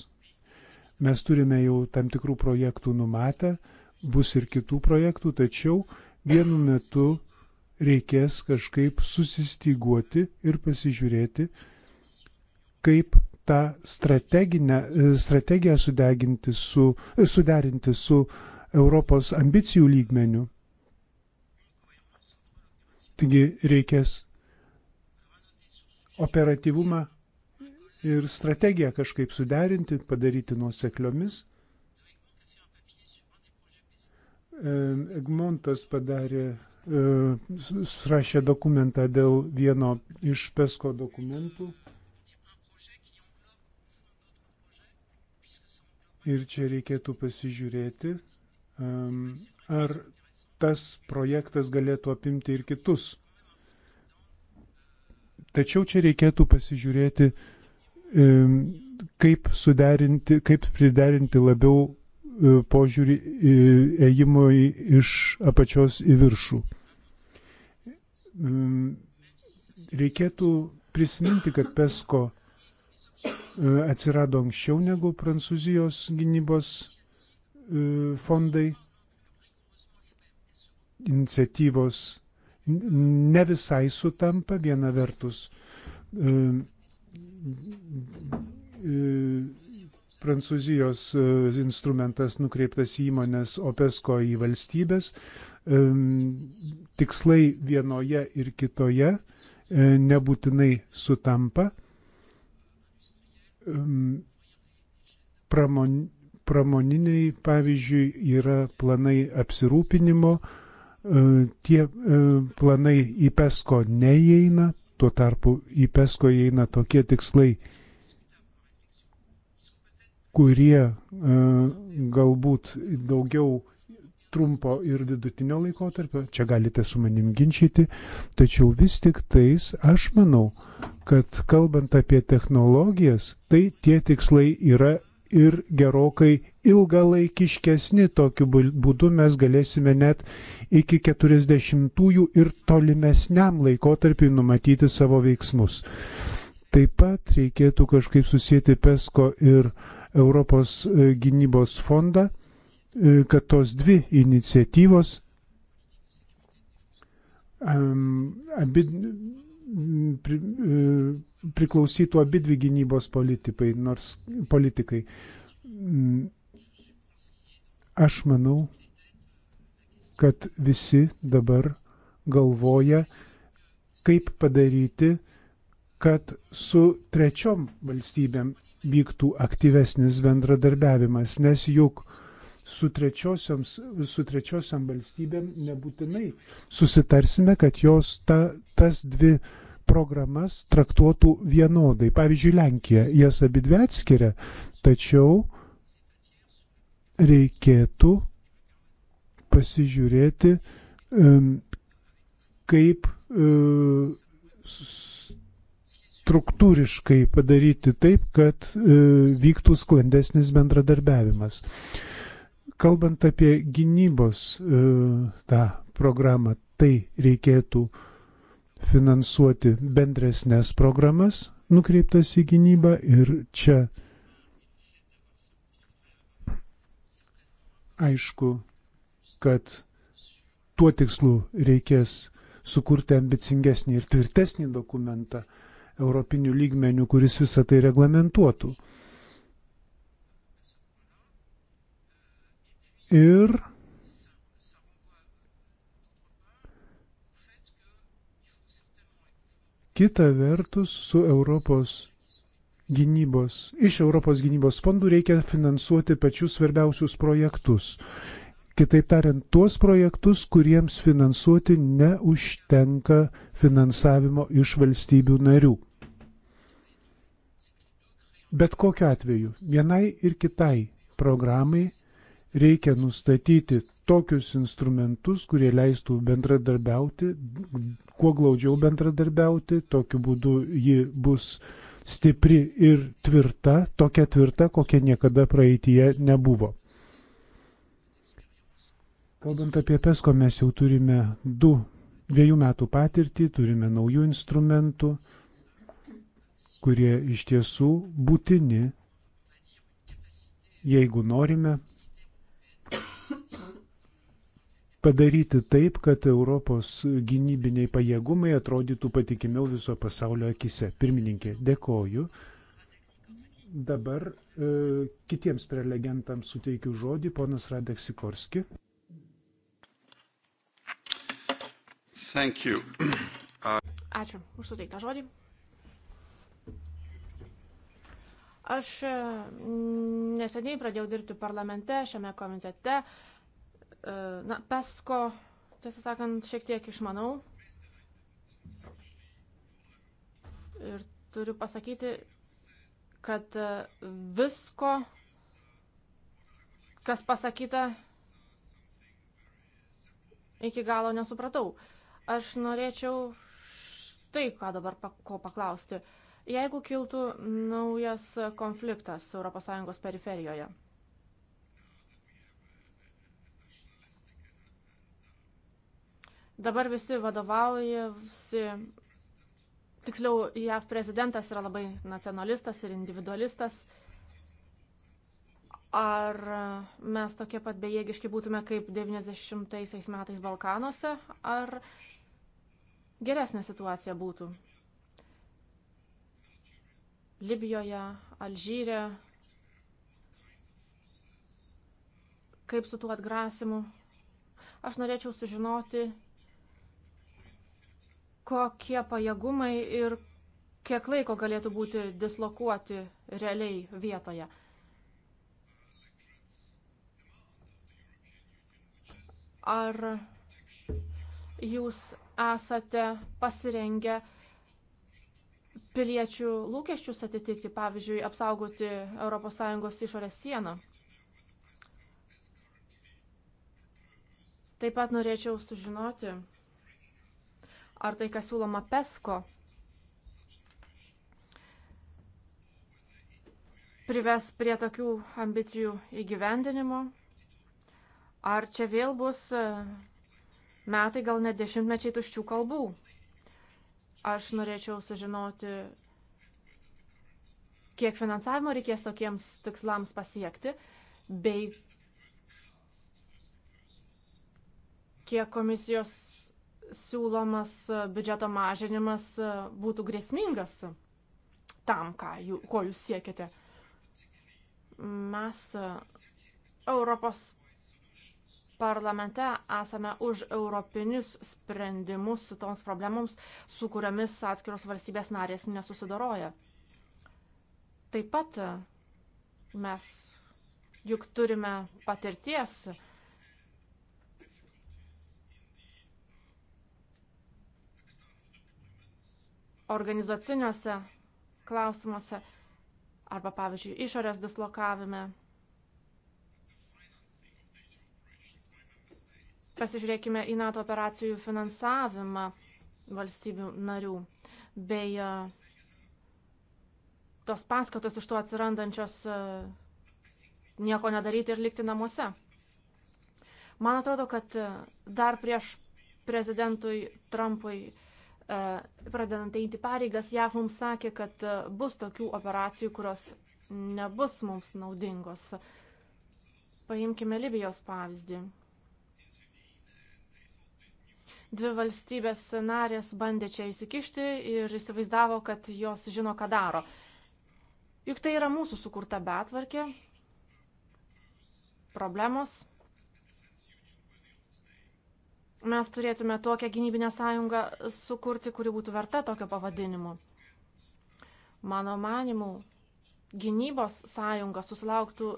Mes turime jau tam tikrų projektų numatę, bus ir kitų projektų, tačiau vienu metu reikės kažkaip susistiguoti ir pasižiūrėti, kaip tą e, strategiją su, e, suderinti su Europos ambicijų lygmeniu. Taigi reikės operatyvumą ir strategiją kažkaip suderinti, padaryti nuosekliomis. E, Egmontas padarė, surašė dokumentą dėl vieno iš PESCO dokumentų. Ir čia reikėtų pasižiūrėti, ar tas projektas galėtų apimti ir kitus. Tačiau čia reikėtų pasižiūrėti, kaip suderinti, kaip priderinti labiau e, požiūrį e, ėjimo iš apačios į viršų. Reikėtų prisiminti, kad PESCO E, atsirado anksčiau negu Prancūzijos gynybos e, fondai. Iniciatyvos ne visai sutampa viena vertus. E, Prancūzijos instrumentas nukreiptas į įmonės, o pesko į valstybės. Tikslai vienoje ir kitoje nebūtinai sutampa pramon, pramoniniai, pavyzdžiui, yra planai apsirūpinimo, e, tie e, planai į pesko neįeina, tuo tarpu į pesko įeina tokie tikslai, kurie e, galbūt daugiau trumpo ir vidutinio laikotarpio, čia galite su manim ginčyti, tačiau vis tik tais aš manau, kad kalbant apie technologijas, tai tie tikslai yra ir gerokai ilgalaikiškesni. Tokiu būdu mes galėsime net iki 40-ųjų ir tolimesniam laikotarpiu numatyti savo veiksmus. Taip pat reikėtų kažkaip susijęti PESCO ir Europos e, gynybos fondą E, kad tos dvi iniciatyvos abi, pri, e, priklausytų abidvi gynybos politikai, nors politikai. Aš manau, kad visi dabar galvoja, kaip padaryti, kad su trečiom valstybėm vyktų aktyvesnis bendradarbiavimas, nes juk uh, su, su trečiosiam valstybėm nebūtinai susitarsime, kad jos ta, tas dvi programas traktuotų vienodai. Pavyzdžiui, Lenkija jas abidvi atskiria, tačiau reikėtų pasižiūrėti, kaip e, struktūriškai padaryti taip, kad e, vyktų sklandesnis bendradarbiavimas. Kalbant apie gynybos e, tą programą, tai reikėtų finansuoti bendresnės programas nukreiptas į gynybą ir čia aišku, kad tuo tikslu reikės sukurti ambicingesnį ir tvirtesnį dokumentą europinių lygmenių, kuris visą tai reglamentuotų. ir kita vertus su Europos gynybos, iš Europos gynybos fondų reikia finansuoti pačius svarbiausius projektus. Kitaip tariant, tuos projektus, kuriems finansuoti neužtenka finansavimo iš valstybių narių. Bet kokiu atveju, vienai ir kitai programai reikia nustatyti tokius instrumentus, kurie leistų bendradarbiauti, kuo glaudžiau bendradarbiauti, tokiu būdu ji bus stipri ir tvirta, tokia tvirta, kokia niekada praeitie nebuvo. Kalbant apie PESCO, mes jau turime du, dviejų metų patirtį, turime naujų instrumentų, kurie iš tiesų būtini, jeigu norime padaryti taip, kad Europos gynybiniai pajėgumai atrodytų patikimiau viso pasaulio akise. Pirmininkė, dėkoju. Dabar e, kitiems prelegentams suteikiu žodį, ponas Radek Sikorski. (coughs) Ačiū už suteiktą žodį. Aš e, neseniai pradėjau dirbti parlamente, šiame komitete. E, Na, pesko, tiesą sakant, šiek tiek išmanau. Ir turiu pasakyti, kad e, visko, kas pasakyta, iki galo nesupratau. Aš norėčiau štai ką dabar ko paklausti. Jeigu kiltų naujas konfliktas ES periferijoje, Dabar visi vadovaujasi, tiksliau, JAV prezidentas yra labai nacionalistas ir individualistas. Ar mes tokie pat bejėgiški būtume kaip 90-aisiais metais Balkanuose, ar geresnė situacija būtų? Libijoje, Alžyre, kaip su tuo atgrasimu. Aš norėčiau sužinoti, kokie pajėgumai ir kiek laiko galėtų būti dislokuoti realiai vietoje. Ar jūs esate pasirengę piliečių lūkesčius atitikti, pavyzdžiui, apsaugoti ES išorės sieną? Taip pat norėčiau sužinoti, ar tai, kas siūloma PESCO, prives prie tokių ambicijų įgyvendinimo, ar čia vėl bus e, metai, gal net dešimtmečiai tuščių kalbų. Aš norėčiau sužinoti, kiek finansavimo reikės tokiems tikslams pasiekti, bei kiek komisijos siūlomas e, biudžeto mažinimas e, būtų grėsmingas tam, ką, jų, ko jūs siekite. Mes e, Europos parlamente esame už europinius sprendimus toms problemams, su kuriamis atskiros valstybės narės nesusidaroja. Taip pat mes juk turime patirties organizaciniuose klausimuose arba, pavyzdžiui, išorės dislokavime. Pasižiūrėkime į NATO operacijų finansavimą valstybių narių bei e, tos paskatos iš to atsirandančios e, nieko nedaryti ir likti namuose. Man atrodo, kad e, dar prieš prezidentui Trumpui uh, E, pradedant eiti pareigas, JAV mums sakė, kad e, bus tokių operacijų, kurios nebus mums naudingos. Paimkime Libijos pavyzdį. Dvi valstybės narės bandė čia įsikišti ir įsivaizdavo, kad jos žino, ką daro. Juk tai yra mūsų sukurta betvarkė, problemos mes turėtume tokią gynybinę sąjungą sukurti, kuri būtų verta tokio pavadinimo. Mano manimu, gynybos sąjunga susilauktų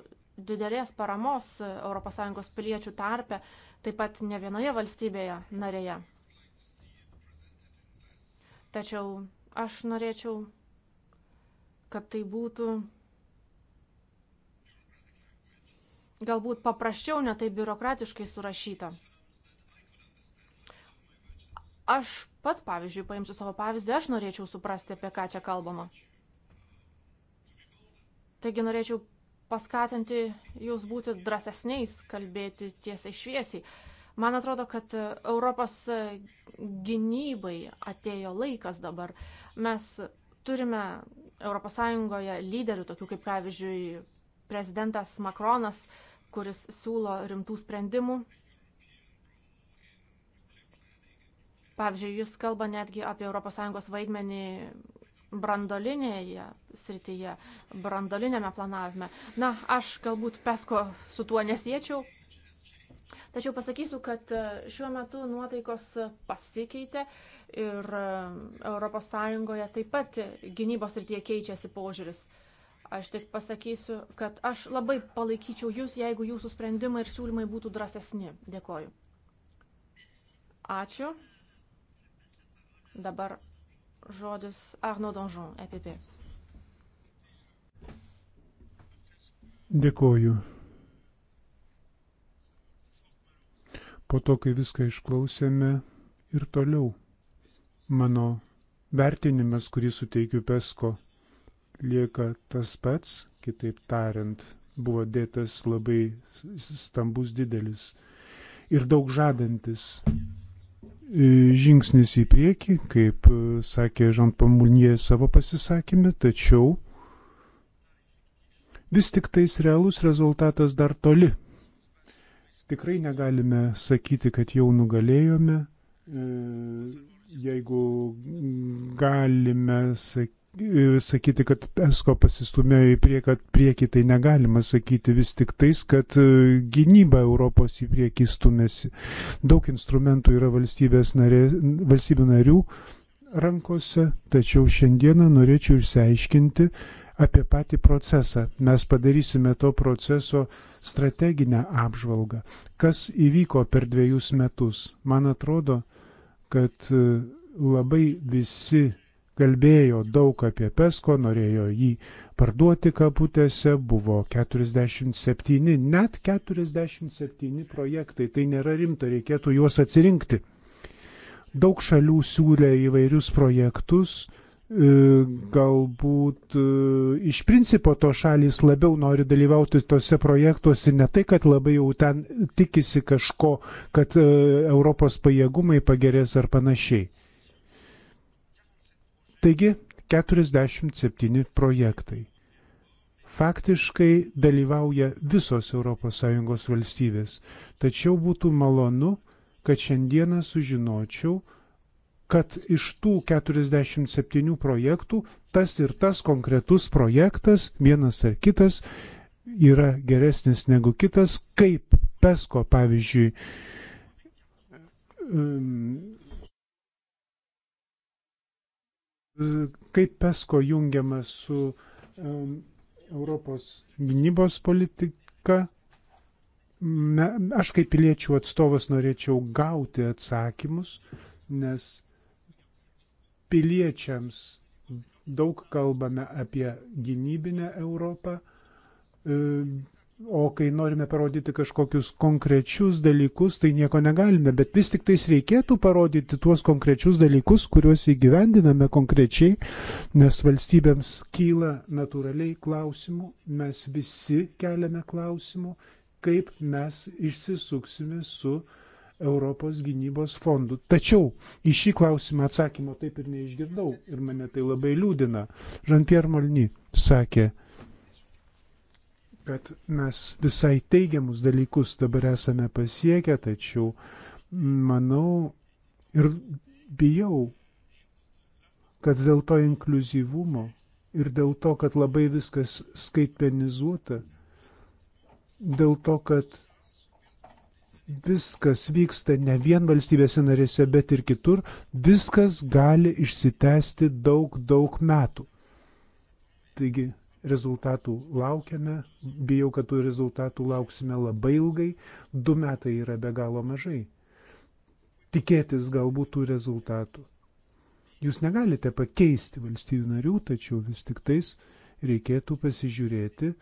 didelės paramos ES piliečių tarpe, taip pat ne vienoje valstybėje narėje. Tačiau aš norėčiau, kad tai būtų galbūt paprasčiau, netai biurokratiškai surašyta. Aš pats, pavyzdžiui, paimsiu savo pavyzdį, aš norėčiau suprasti, apie ką čia kalbama. Taigi norėčiau paskatinti jūs būti drąsesniais, kalbėti tiesiai šviesiai. Man atrodo, kad Europos gynybai atėjo laikas dabar. Mes turime ES lyderių, tokių kaip, pavyzdžiui, prezidentas Makronas, kuris siūlo rimtų sprendimų Pavyzdžiui, jis kalba netgi apie ES vaidmenį brandolinėje srityje, brandolinėme planavime. Na, aš galbūt pesko su tuo nesiečiau, tačiau pasakysiu, kad e, šiuo metu nuotaikos pasikeitė ir e, ES taip pat gynybos srityje keičiasi požiūris. Aš tik pasakysiu, kad aš labai palaikyčiau jūs, jeigu jūsų sprendimai ir siūlymai būtų drąsesni. Dėkoju. Ačiū. Dabar žodis Arno Donžon, EPP. Dėkoju. Po to, kai viską išklausėme ir toliau, mano vertinimas, kurį suteikiu Pesko, lieka tas pats, kitaip tariant, buvo dėtas labai stambus didelis ir daug žadantis žingsnis į priekį, kaip e, sakė Žan Pamulnie savo pasisakymę, tačiau vis tik tais realus rezultatas dar toli. Tikrai negalime sakyti, kad jau nugalėjome, e, jeigu galime sakyti, sakyti, kad ESCO pasistumė į prie, priekį, tai negalima sakyti vis tik tais, kad e, gynyba Europos į priekį stumėsi. Daug instrumentų yra narė, valstybių narių rankose, tačiau šiandieną norėčiau išsiaiškinti apie patį procesą. Mes padarysime to proceso strateginę apžvalgą. Kas įvyko per dviejus metus? Man atrodo, kad e, labai visi kalbėjo daug apie Pesko, norėjo jį parduoti kabutėse, buvo 47, net 47 projektai, tai nėra rimta, reikėtų juos atsirinkti. Daug šalių siūlė įvairius projektus, e, galbūt e, iš principo to šalis labiau nori dalyvauti tose projektuose, ne tai, kad labai jau ten tikisi kažko, kad e, Europos pajėgumai pagerės ar panašiai. Taigi 47 projektai. Faktiškai dalyvauja visos ES valstybės, tačiau būtų malonu, kad šiandieną sužinočiau, kad iš tų 47 projektų tas ir tas konkretus projektas, vienas ar kitas, yra geresnis negu kitas, kaip PESCO pavyzdžiui kaip PESCO jungiama su um, Europos gynybos politika. Me, aš kaip piliečių atstovas norėčiau gauti atsakymus, nes piliečiams daug kalbame apie gynybinę Europą, e, O kai norime parodyti kažkokius konkrečius dalykus, tai nieko negalime, bet vis tik tais reikėtų parodyti tuos konkrečius dalykus, kuriuos įgyvendiname konkrečiai, nes valstybėms kyla natūraliai klausimų, mes visi keliame klausimų, kaip mes išsisuksime su Europos gynybos fondu. Tačiau į šį klausimą atsakymo taip ir neišgirdau ir mane tai labai liūdina. Jean-Pierre Molny sakė, kad mes visai teigiamus dalykus dabar esame pasiekę, tačiau manau ir bijau, kad dėl to inkluzivumo ir dėl to, kad labai viskas skaitmenizuota, dėl to, kad viskas vyksta ne vien valstybėse narėse, bet ir kitur, viskas gali išsitęsti daug, daug metų. Taigi Rezultatų laukiame, bijau, kad tų rezultatų lauksime labai ilgai, du metai yra be galo mažai. Tikėtis galbūt tų rezultatų. Jūs negalite pakeisti valstybių narių, tačiau vis tik tais reikėtų pasižiūrėti,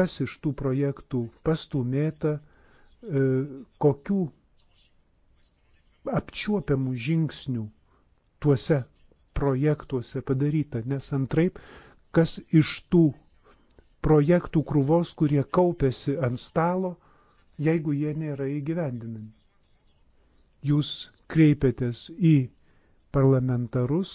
kas iš tų projektų pastumėta, e, kokių apčiuopiamų žingsnių tuose projektuose padaryta, nes antraip kas iš tų projektų krūvos, kurie kaupėsi ant stalo, jeigu jie nėra įgyvendinami. Jūs kreipiatės į parlamentarus.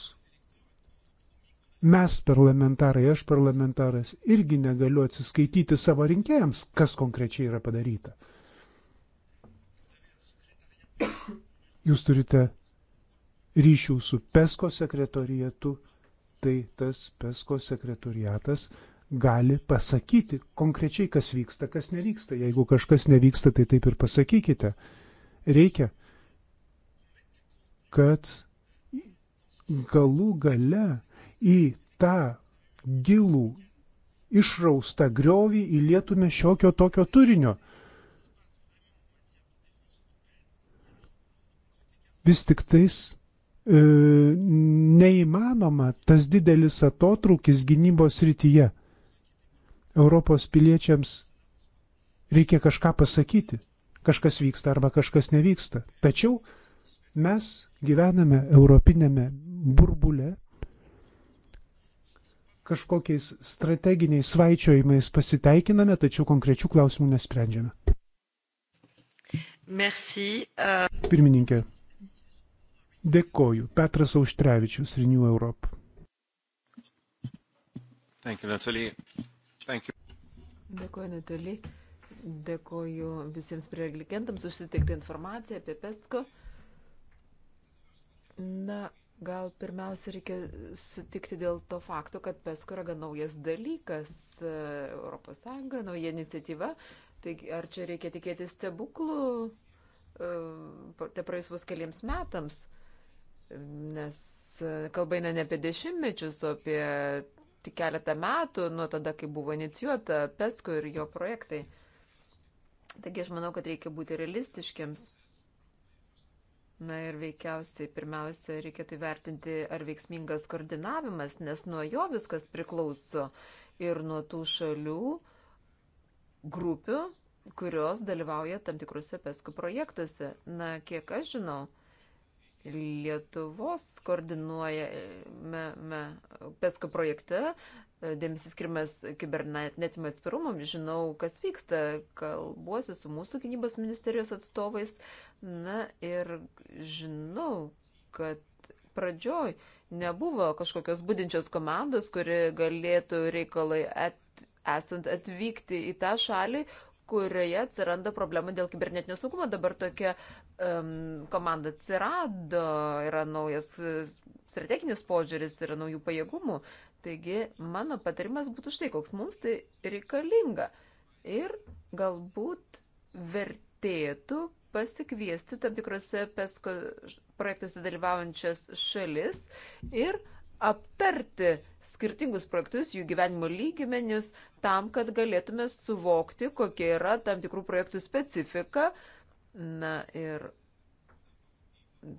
Mes parlamentarai, aš parlamentaras irgi negaliu atsiskaityti savo rinkėjams, kas konkrečiai yra padaryta. Jūs turite ryšių su PESCO sekretorijatu, tai tas PESCO sekretoriatas gali pasakyti konkrečiai, kas vyksta, kas nevyksta. Jeigu kažkas nevyksta, tai taip ir pasakykite. Reikia, kad galų gale į tą gilų išraustą griovį įlietume šiokio tokio turinio. Vis tik tais E, neįmanoma tas didelis atotrukis gynybos rytyje. Europos piliečiams reikia kažką pasakyti. Kažkas vyksta arba kažkas nevyksta. Tačiau mes gyvename europinėme burbule, kažkokiais strateginiais svaičiojimais pasiteikiname, tačiau konkrečių klausimų nesprendžiame. Merci. Uh... Pirmininkė. Dėkoju. Petras Auštrevičius, Renew Europe. Thank you, Natalie. Thank you. Dėkoju, Natalie. Dėkoju visiems prelegentams užsitiktą informaciją apie PESCO. Na, gal pirmiausia reikia sutikti dėl to fakto, kad PESCO yra gan naujas dalykas ES, nauja iniciatyva. Taigi, ar čia reikia tikėtis stebuklų? E, te praeis vos keliems metams nes e, kalba eina ne apie dešimtmečius, o apie tik keletą metų nuo tada, kai buvo inicijuota PESCO ir jo projektai. Taigi aš manau, kad reikia būti realistiškiams. Na ir veikiausiai pirmiausia reikėtų vertinti, ar veiksmingas koordinavimas, nes nuo jo viskas priklauso ir nuo tų šalių grupių, kurios dalyvauja tam tikrose PESCO projektuose. Na, kiek aš žinau, Lietuvos koordinuojame PESCO projekte, e, dėmesys skirimas kibernetinio atsparumam, žinau, kas vyksta, kalbuosi su mūsų gynybos ministerijos atstovais, na ir žinau, kad pradžioj nebuvo kažkokios būdinčios komandos, kuri galėtų reikalai at, esant atvykti į tą šalį, kurioje atsiranda problemų dėl kibernetinio saugumo. Dabar tokia um, komanda atsirado, yra naujas e, strateginis požiūris, yra naujų pajėgumų. Taigi mano patarimas būtų štai, koks mums tai reikalinga. Ir galbūt vertėtų pasikviesti tam tikrose PESCO projektuose dalyvaujančias šalis ir uh, aptarti skirtingus projektus, jų gyvenimo lygmenius, tam, kad galėtume suvokti, kokia yra tam tikrų projektų specifika. Na ir,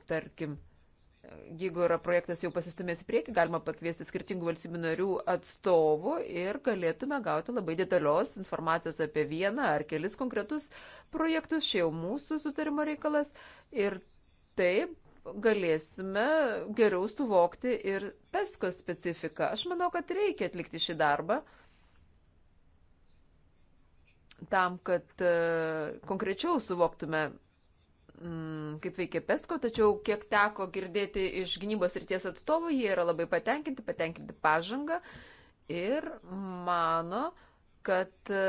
tarkim, jeigu yra projektas jau pasistumės į priekį, galima pakviesti skirtingų valstybių narių atstovų ir galėtume gauti labai detalios informacijos apie vieną ar kelis konkretus projektus, čia jau mūsų sutarimo reikalas. Ir taip galėsime geriau suvokti ir pesko specifiką. Aš manau, kad reikia atlikti šį darbą tam, kad e, konkrečiau suvoktume, mm, kaip veikia pesko, tačiau kiek teko girdėti iš gynybos ryties atstovų, jie yra labai patenkinti, patenkinti pažangą ir mano, kad e,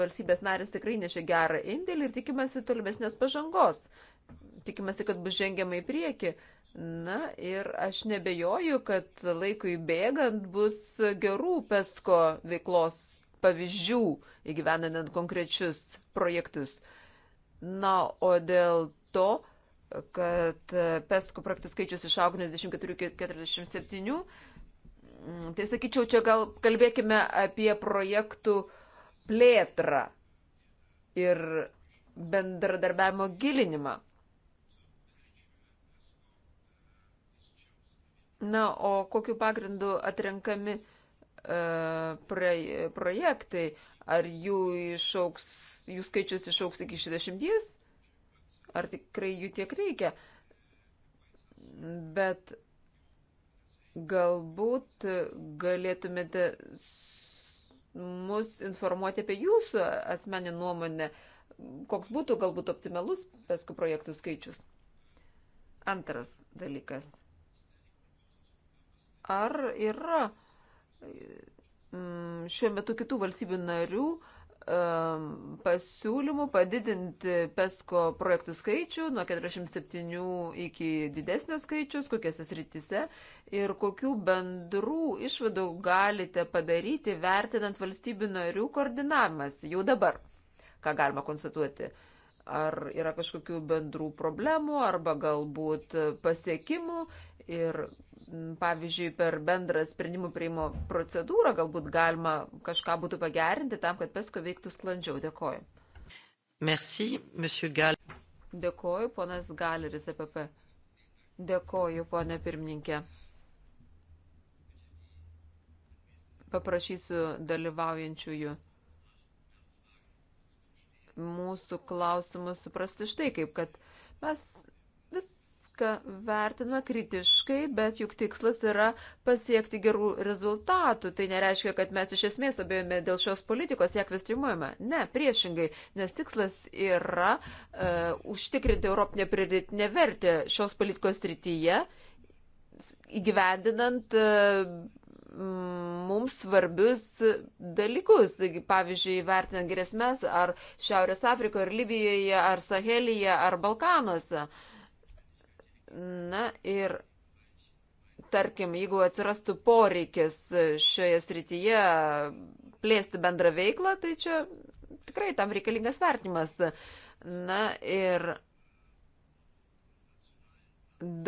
valstybės narės tikrai nešia gerą indėlį ir tikimasi tolimesnės pažangos tikimasi, kad bus žengiama į priekį. Na ir aš nebejoju, kad laikui bėgant bus gerų PESCO veiklos pavyzdžių įgyvenant konkrečius projektus. Na, o dėl to, kad PESCO projektų skaičius išaugo 24 iki 47, mm, tai sakyčiau, čia gal kalbėkime apie projektų plėtrą ir bendradarbiavimo gilinimą. Na, o kokiu pagrindu atrenkami e, projektai? Ar jų, išauks, jų skaičius išauks iki 60? Ar tikrai jų tiek reikia? Bet galbūt galėtumėte mus informuoti apie jūsų asmenį nuomonę, koks būtų galbūt optimalus peskų projektų skaičius. Antras dalykas – ar yra mm, šiuo metu kitų valstybių narių pasiūlymų padidinti PESCO projektų skaičių nuo 47 iki didesnio skaičius, kokiose srityse ir kokių bendrų išvadų galite padaryti vertinant valstybių narių koordinavimas jau dabar, ką galima konstatuoti. Ar yra kažkokių bendrų problemų arba galbūt pasiekimų Ir pavyzdžiui, per bendrą sprendimų prieimo procedūrą galbūt galima kažką būtų pagerinti tam, kad pesko veiktų sklandžiau. Dėkoju. Merci, monsieur Gal. Dėkoju, ponas Galeris, EPP. Dėkoju, ponė pirmininkė. Paprašysiu dalyvaujančiųjų mūsų klausimus suprasti štai kaip, kad mes vis viską vertiname kritiškai, bet juk tikslas yra pasiekti gerų rezultatų. Tai nereiškia, kad mes iš esmės abejojame dėl šios politikos, ją kvestimuojame. Ne, priešingai, nes tikslas yra e, užtikrinti Europinę pridėtinę vertę šios politikos srityje, įgyvendinant. E, mums svarbius dalykus. Pavyzdžiui, vertinant grėsmės ar Šiaurės Afrikoje, ar Libijoje, ar Sahelėje, ar Balkanuose. Uh, Na ir tarkim, jeigu atsirastų poreikis e, šioje srityje plėsti bendrą veiklą, tai čia tikrai tam reikalingas vertinimas. Na ir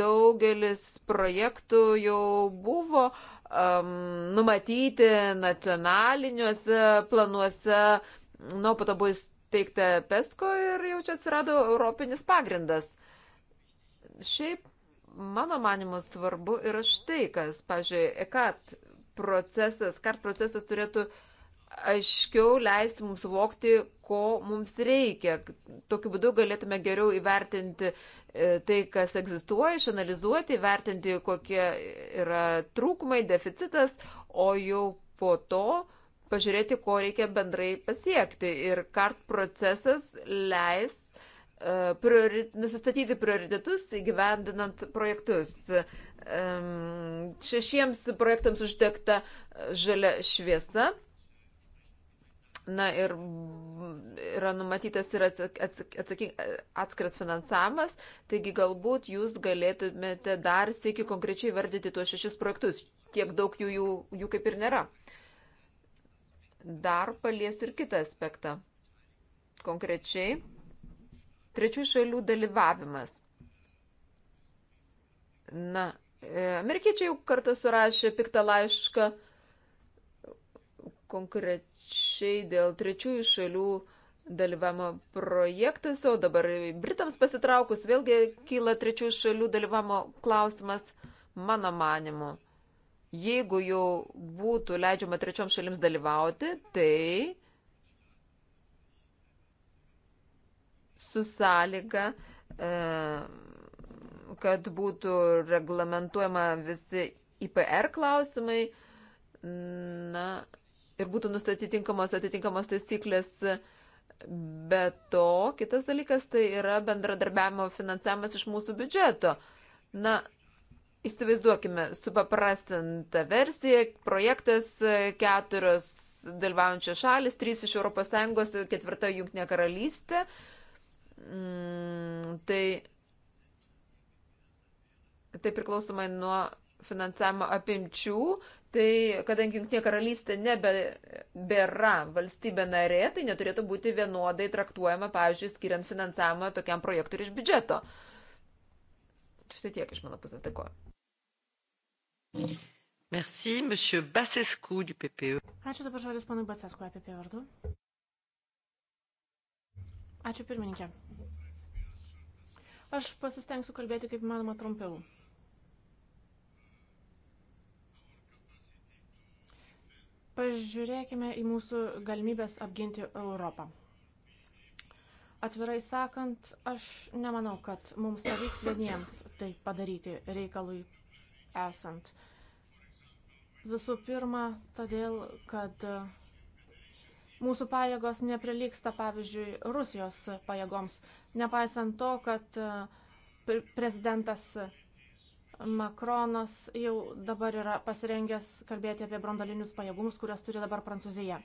daugelis projektų jau buvo um, numatyti nacionaliniuose planuose, nu, po to buvo įsteigta PESCO ir jau čia atsirado europinis pagrindas. Šiaip, mano manimo, svarbu yra štai, kas, pavyzdžiui, kad procesas, kart procesas turėtų aiškiau leisti mums vokti, ko mums reikia. Tokiu būdu galėtume geriau įvertinti e, tai, kas egzistuoja, išanalizuoti, įvertinti, kokie yra trūkumai, deficitas, o jau po to pažiūrėti, ko reikia bendrai pasiekti. Ir kart procesas leis priori, nusistatyti prioritetus įgyvendinant projektus. Šešiems projektams uždegta žalia šviesa. Na ir yra numatytas ir atskiras finansavimas, taigi galbūt jūs galėtumėte dar sėki konkrečiai vardyti tuos šešis projektus. Tiek daug jų, jų, jų kaip ir nėra. Dar paliesiu ir kitą aspektą. Konkrečiai trečių šalių dalyvavimas. Na, e, amerikiečiai jau kartą surašė piktą laišką konkrečiai dėl trečiųjų šalių dalyvavimo projektuose, o dabar Britams pasitraukus vėlgi kyla trečiųjų šalių dalyvavimo klausimas, mano manimu. Jeigu jau būtų leidžiama trečioms šalims dalyvauti, tai su sąlyga, e, kad būtų reglamentuojama visi IPR klausimai na, ir būtų nustatitinkamos atitinkamos taisyklės. Be to, kitas dalykas tai yra bendradarbiavimo finansavimas iš mūsų biudžeto. Na, įsivaizduokime, supaprastinta versija, projektas e, keturios dalyvaujančios šalis, trys iš ES, ketvirta Junktinė karalystė. Uh, Mm, tai, tai priklausomai nuo finansavimo apimčių, tai kadangi Junktinė karalystė nebėra valstybė narė, tai neturėtų būti vienodai traktuojama, pavyzdžiui, skiriant finansavimą tokiam projektui iš biudžeto. Štai tiek iš mano pusės dėkoju. Merci, monsieur Basescu du PPE. Ačiū dabar žodis panui Basescu apie PPE vardu. Ačiū pirmininkė. Aš pasistengsiu kalbėti kaip manoma trumpiau. Pažiūrėkime į mūsų galimybės apginti Europą. Atvirai sakant, aš nemanau, kad mums pavyks vieniems tai padaryti reikalui esant. Visų pirma, todėl, kad Mūsų pajėgos neprilyksta, pavyzdžiui, Rusijos pajėgoms, nepaisant to, kad e, prezidentas Makronas jau dabar yra pasirengęs kalbėti apie brandalinius pajėgumus, kurias turi dabar Prancūzija.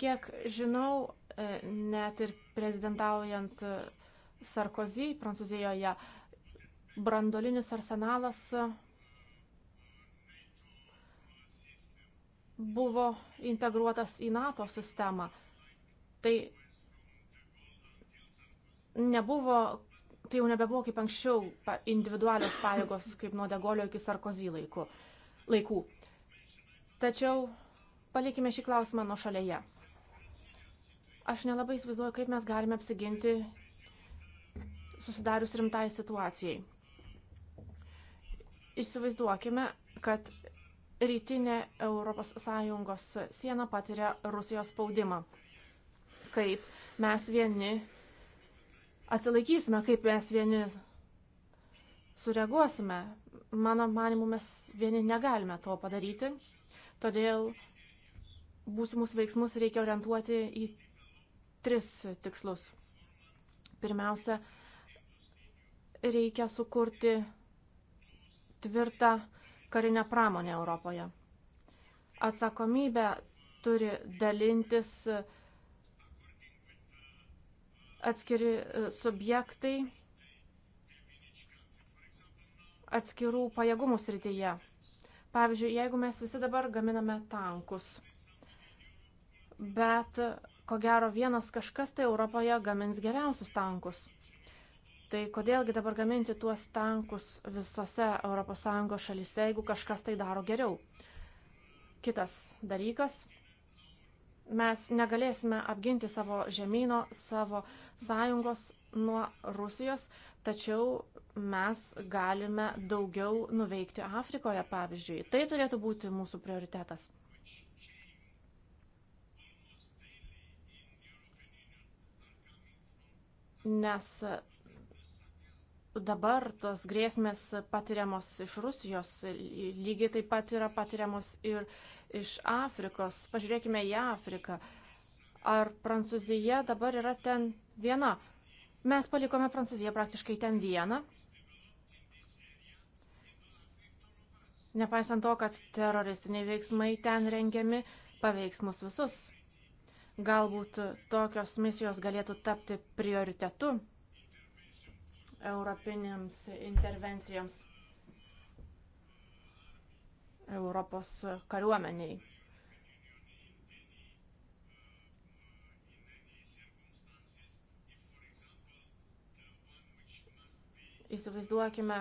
Kiek žinau, e, net ir prezidentaujant e, Sarkozy Prancūzijoje, brandolinis arsenalas buvo integruotas į NATO sistemą. Tai nebuvo, tai jau nebebuvo kaip anksčiau individualios pajėgos, kaip nuo Degolio iki Sarkozy laiku, laikų. Tačiau palikime šį klausimą nuo šalyje. Aš nelabai įsivaizduoju, kaip mes galime apsiginti susidarius rimtai situacijai. Įsivaizduokime, kad rytinė ES siena patiria Rusijos spaudimą. Kaip mes vieni atsilaikysime, kaip mes vieni sureaguosime. Mano manimu, mes vieni negalime to padaryti, todėl būsimus veiksmus reikia orientuoti į tris tikslus. Pirmiausia, reikia sukurti tvirtą karinę pramonę Europoje. Atsakomybę turi dalintis atskiri e, subjektai atskirų pajėgumų srityje. Pavyzdžiui, jeigu mes visi dabar gaminame tankus, bet ko gero vienas kažkas tai Europoje gamins geriausius tankus – Tai kodėlgi dabar gaminti tuos tankus visose ES šalise, jeigu kažkas tai daro geriau? Kitas dalykas. Mes negalėsime apginti savo žemynų, savo sąjungos nuo Rusijos, tačiau mes galime daugiau nuveikti Afrikoje, pavyzdžiui. Tai turėtų būti mūsų prioritetas. Nes dabar tos grėsmės patiriamos iš Rusijos, lygiai taip pat yra patiriamos ir iš Afrikos. Pažiūrėkime į Afriką. Ar Prancūzija dabar yra ten viena? Mes palikome Prancūziją praktiškai ten vieną. Nepaisant to, kad teroristiniai veiksmai ten rengiami, paveiks mus visus. Galbūt tokios misijos galėtų tapti prioritetu europinėms intervencijoms Europos kariuomeniai. Įsivaizduokime,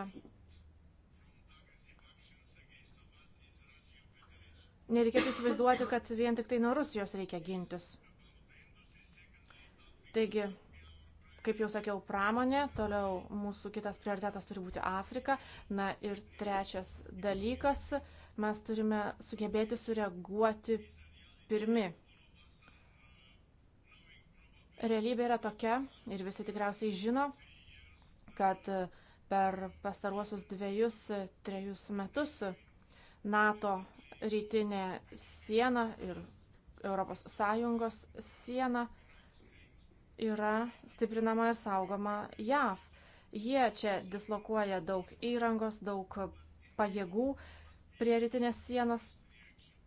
nereikėtų įsivaizduoti, kad vien tik tai nuo Rusijos reikia gintis. Taigi, Kaip jau sakiau, pramonė, toliau mūsų kitas prioritetas turi būti Afrika. Na ir trečias dalykas, mes turime sugebėti sureaguoti pirmi. Realybė yra tokia, ir visi tikriausiai žino, kad per pastaruosius dviejus, trejus metus NATO rytinė siena ir ES sieną yra stiprinama ir saugoma JAV. Jie čia dislokuoja daug įrangos, daug pajėgų prie rytinės sienos,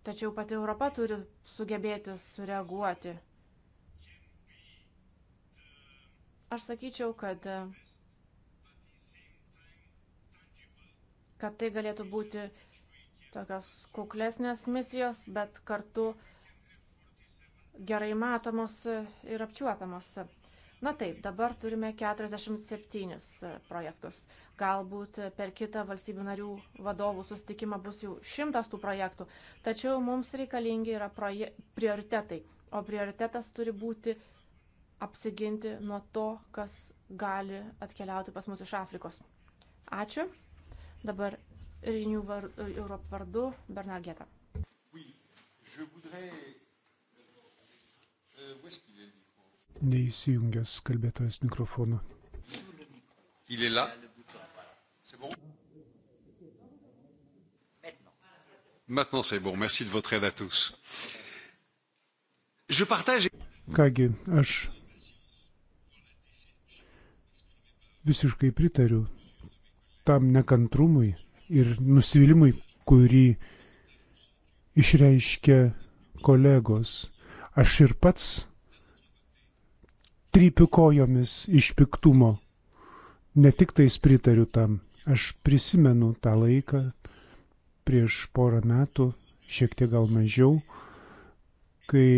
tačiau pati Europa turi sugebėti sureaguoti. Aš sakyčiau, kad, kad tai galėtų būti tokios kuklesnės misijos, bet kartu uh, gerai matomos ir apčiuopiamos. Na taip, dabar turime 47 projektus. Galbūt per kitą valstybių narių vadovų sustikimą bus jau šimtas tų projektų, tačiau mums reikalingi yra proje, prioritetai, o prioritetas turi būti apsiginti nuo to, kas gali atkeliauti pas mus iš Afrikos. Ačiū. Dabar Renew Europe vardu Bernard Geta. Oui, Neįsijungęs kalbėtojas mikrofoną. Il est là. C'est bon Maintenant c'est bon. Merci de votre aide à tous. Je partage. Kągi, aš visiškai pritariu tam nekantrumui ir nusivylimui, kurį išreiškia kolegos. Aš ir pats trypiu kojomis iš piktumo. Ne tik tais pritariu tam, aš prisimenu tą laiką prieš porą metų, šiek tiek gal mažiau, kai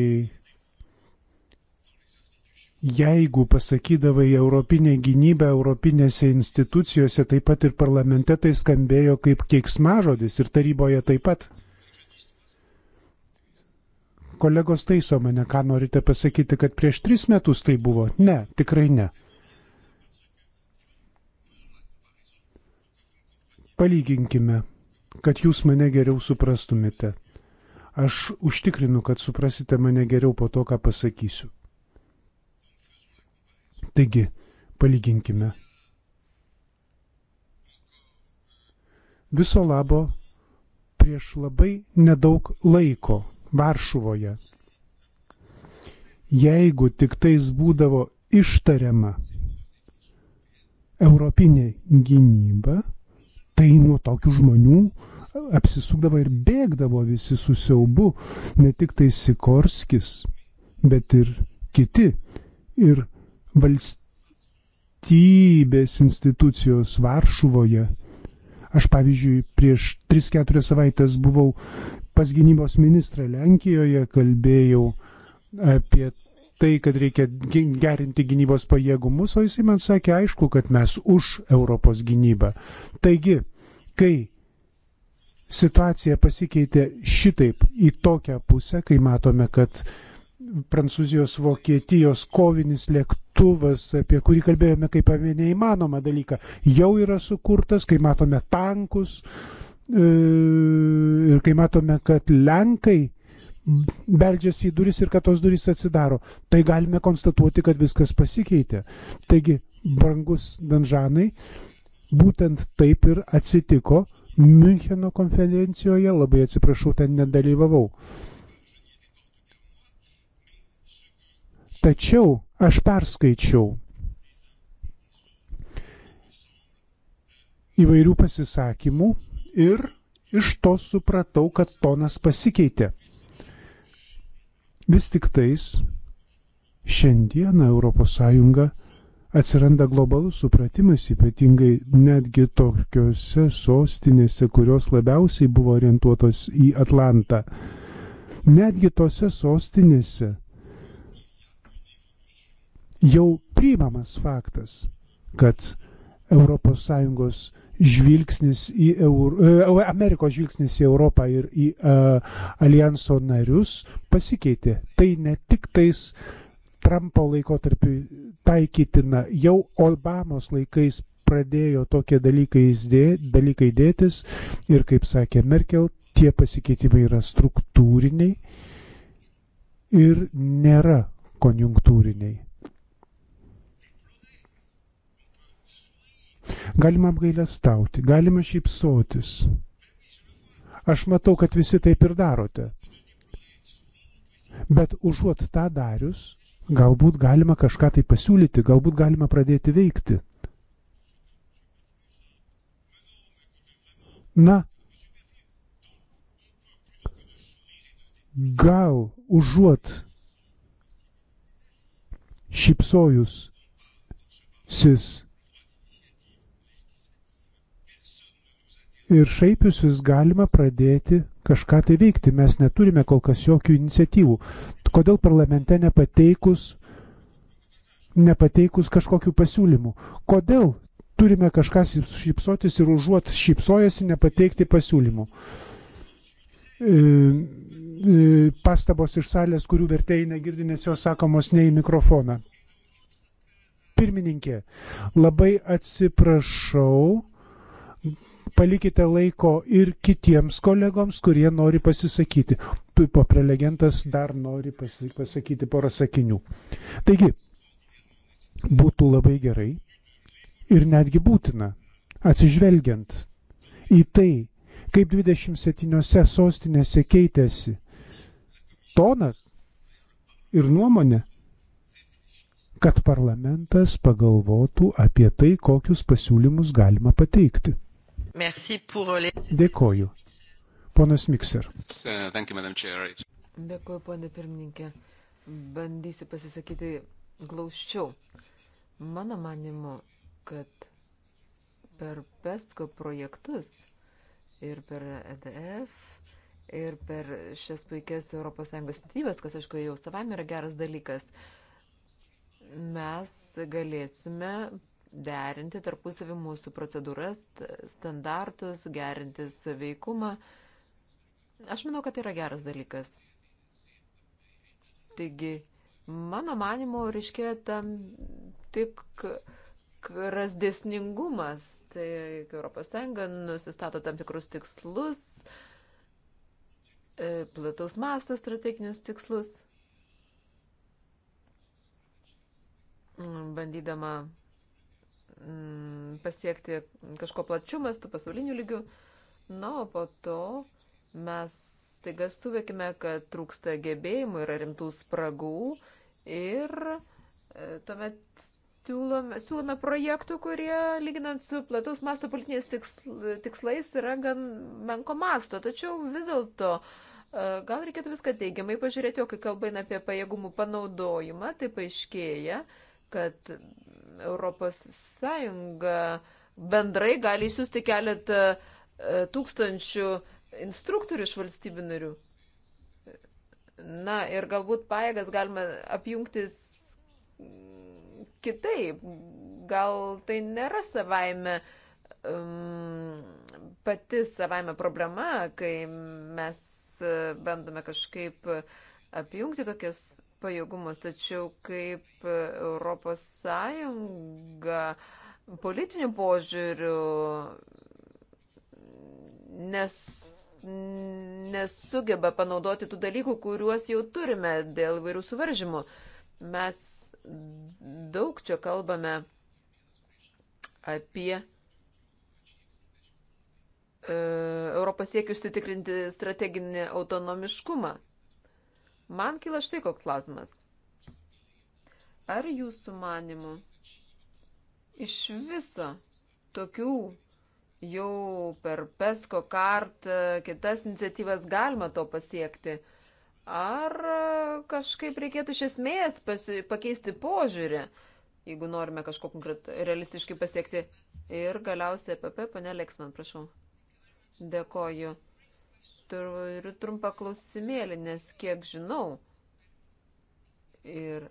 jeigu pasakydavai Europinė gynyba Europinėse institucijose, taip pat ir parlamente tai skambėjo kaip keiksmažodis ir taryboje taip pat. Kolegos taiso mane, ką norite pasakyti, kad prieš tris metus tai buvo? Ne, tikrai ne. Palyginkime, kad jūs mane geriau suprastumėte. Aš užtikrinu, kad suprasite mane geriau po to, ką pasakysiu. Taigi, palyginkime. Viso labo prieš labai nedaug laiko Varšuvoje. Jeigu tik tais būdavo ištariama europinė gynyba, tai nuo tokių žmonių apsisukdavo ir bėgdavo visi su siaubu, ne tik tai Sikorskis, bet ir kiti. Ir valstybės institucijos Varšuvoje. Aš pavyzdžiui, prieš 3-4 savaitės buvau pas gynybos ministrą Lenkijoje kalbėjau apie tai, kad reikia gerinti gynybos pajėgumus, o jisai man sakė, aišku, kad mes už Europos gynybą. Taigi, kai situacija pasikeitė šitaip į tokią pusę, kai matome, kad Prancūzijos Vokietijos kovinis lėktuvas, apie kurį kalbėjome kaip apie neįmanomą dalyką, jau yra sukurtas, kai matome tankus, E, ir kai matome, kad Lenkai beldžiasi į duris ir kad tos durys atsidaro, tai galime konstatuoti, kad viskas pasikeitė. Taigi, brangus Danžanai, būtent taip ir atsitiko Müncheno konferencijoje, labai atsiprašau, ten nedalyvavau. Tačiau aš perskaičiau įvairių pasisakymų ir iš to supratau, kad tonas pasikeitė. Vis tik tais šiandieną ES atsiranda globalus supratimas, ypatingai netgi tokiuose sostinėse, kurios labiausiai buvo orientuotos į Atlantą. Netgi tose sostinėse jau priimamas faktas, kad ES žvilgsnis į Euro, e, Amerikos žvilgsnis į Europą ir į uh, alijanso narius pasikeitė. Tai ne tik tais Trumpo laikotarpiu taikytina, jau Obamos laikais pradėjo tokie dalykai, dė, dalykai dėtis ir, kaip sakė Merkel, tie pasikeitimai yra struktūriniai ir nėra konjunktūriniai. galima apgailestauti, galima šypsotis. Aš matau, kad visi taip ir darote. Bet užuot tą darius, galbūt galima kažką tai pasiūlyti, galbūt galima pradėti veikti. Na, gal užuot šypsojus sis ir šaipiusis galima pradėti kažką tai veikti. Mes neturime kol kas jokių iniciatyvų. Kodėl parlamente nepateikus, nepateikus kažkokių pasiūlymų? Kodėl turime kažką šypsotis ir užuot šypsojasi nepateikti pasiūlymų? E, e, pastabos iš salės, kurių vertėjai negirdi, nes jos sakomos ne į mikrofoną. Pirmininkė, labai atsiprašau, palikite laiko ir kitiems kolegoms, kurie nori pasisakyti. Pipo prelegentas dar nori pasakyti porą sakinių. Taigi, būtų labai gerai ir netgi būtina, atsižvelgiant į tai, kaip 27 sostinėse keitėsi tonas ir nuomonė, kad parlamentas pagalvotų apie tai, kokius pasiūlymus galima pateikti. Dėkoju. Ponas Mikser. Dėkoju, ponė pirmininkė. Bandysiu pasisakyti glaučiau. Mano manimu, kad per PESCO projektus ir per EDF ir per šias puikias ES iniciatyvas, kas aišku jau savami yra geras dalykas, mes galėsime derinti tarpusavį mūsų procedūras, standartus, gerinti saveikumą. Aš manau, kad tai yra geras dalykas. Taigi, mano manimo, reiškia tam tik tikras dėsningumas. Tai ES nusistato tam tikrus tikslus, e, plataus masto strateginius tikslus, bandydama mm, pasiekti kažko plačių mastų, pasaulinių lygių. Na, o po to mes staiga suvekime, kad trūksta gebėjimų, yra rimtų spragų ir e, tuomet siūlome, siūlome projektų, kurie, lyginant su plataus masto politiniais tiksl, tikslais, yra gan menko masto. Tačiau vis dėlto e, gal reikėtų viską teigiamai pažiūrėti, o kai kalba eina apie pajėgumų panaudojimą, tai paaiškėja, kad Europos Sąjunga bendrai gali išsiųsti keletą e, tūkstančių instruktorių iš valstybių narių. Na ir galbūt paėgas galima apjungtis kitaip. Gal tai nėra savaime um, pati savaime problema, kai mes e, bandome kažkaip apjungti tokias pajėgumus, tačiau kaip Europos Sąjunga politinių požiūrių nes, nesugeba panaudoti tų dalykų, kuriuos jau turime dėl vairių suvaržymų. Mes daug čia kalbame apie e, Europą siekius sitikrinti strateginį autonomiškumą. Man kila štai koks klausimas. Ar jūsų manimu iš viso tokių jau per pesko kartą e, kitas iniciatyvas galima to pasiekti? Ar e, kažkaip reikėtų iš esmės pasi, pakeisti požiūrį, jeigu norime kažko konkret realistiškai pasiekti? Ir galiausiai PP, e pane Leksman, prašau. Dėkoju turiu trumpą klausimėlį, nes kiek žinau. Ir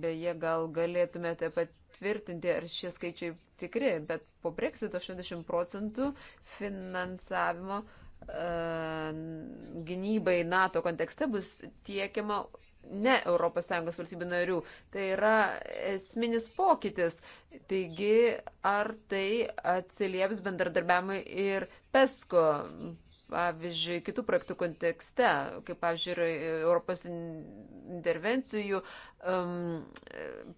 beje, gal galėtumėte patvirtinti, ar šie skaičiai tikri, bet po Brexito 60 procentų finansavimo uh, gynybai NATO kontekste bus tiekiama ne ES valstybių narių. Tai yra esminis pokytis. Taigi, ar tai atsilieps bendradarbiavimui ir PESCO pavyzdžiui, kitų projektų kontekste, kaip, pavyzdžiui, yra e, Europos intervencijų um,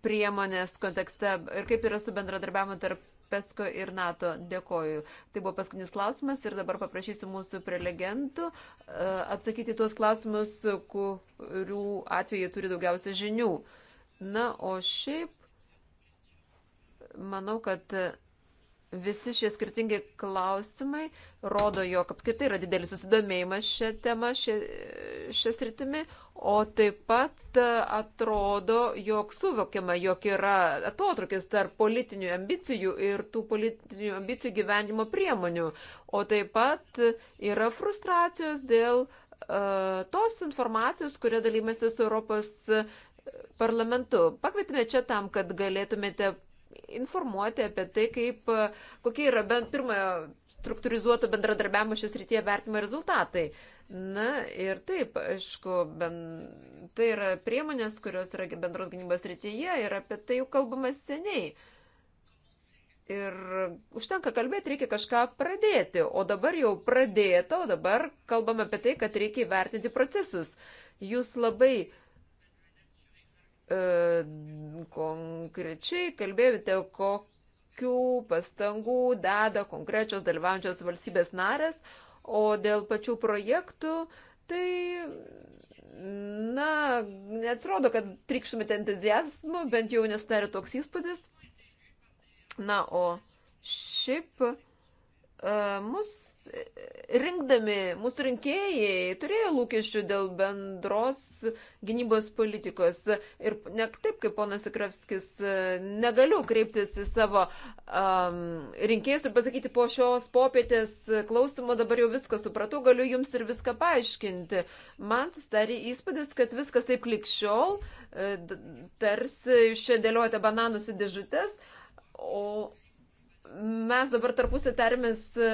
priemonės kontekste ir kaip yra su bendradarbiavimu tarp PESCO ir NATO. Dėkoju. Tai buvo paskutinis klausimas ir dabar paprašysiu mūsų prelegentų uh, atsakyti tuos klausimus, kurių atveju turi daugiausia žinių. Na, o šiaip manau, kad visi šie skirtingi klausimai rodo, jog apskritai yra didelis susidomėjimas šią temą, šią sritimį, o taip pat e, atrodo, jog suvokiama, jog yra atotrukis tarp politinių ambicijų ir tų politinių ambicijų gyvenimo priemonių, o taip pat yra frustracijos dėl uh, tos informacijos, kuria dalymasi su Europos e, parlamentu. Pakvietime čia tam, kad galėtumėte informuoti apie tai, kaip, e, kokie yra bent pirmojo struktūrizuoto bendradarbiavimo šios rytyje vertimo rezultatai. Na ir taip, aišku, ben, tai yra priemonės, kurios yra bendros gynybos rytyje ir apie tai jau kalbama seniai. Ir užtenka kalbėti, reikia kažką pradėti. O dabar jau pradėta, o dabar kalbame apie tai, kad reikia įvertinti procesus. Jūs labai E, konkrečiai kalbėjote, kokių pastangų deda konkrečios dalyvaujančios valstybės narės, o dėl pačių projektų, tai, na, netrodo, kad trikštumėte entuzijazmų, bent jau nesudarė toks įspūdis. Na, o šiaip e, mus rinkdami mūsų rinkėjai turėjo lūkesčių dėl bendros gynybos politikos. Ir ne taip, kaip ponas Ikrevskis, negaliu kreiptis į savo um, rinkėjus ir pasakyti po šios popietės klausimo dabar jau viską supratau, galiu jums ir viską paaiškinti. Man susidarė įspūdis, kad viskas taip likščiol, e, tarsi jūs čia dėliojate bananus į dėžutės, o mes dabar tarpusi tarmės, e,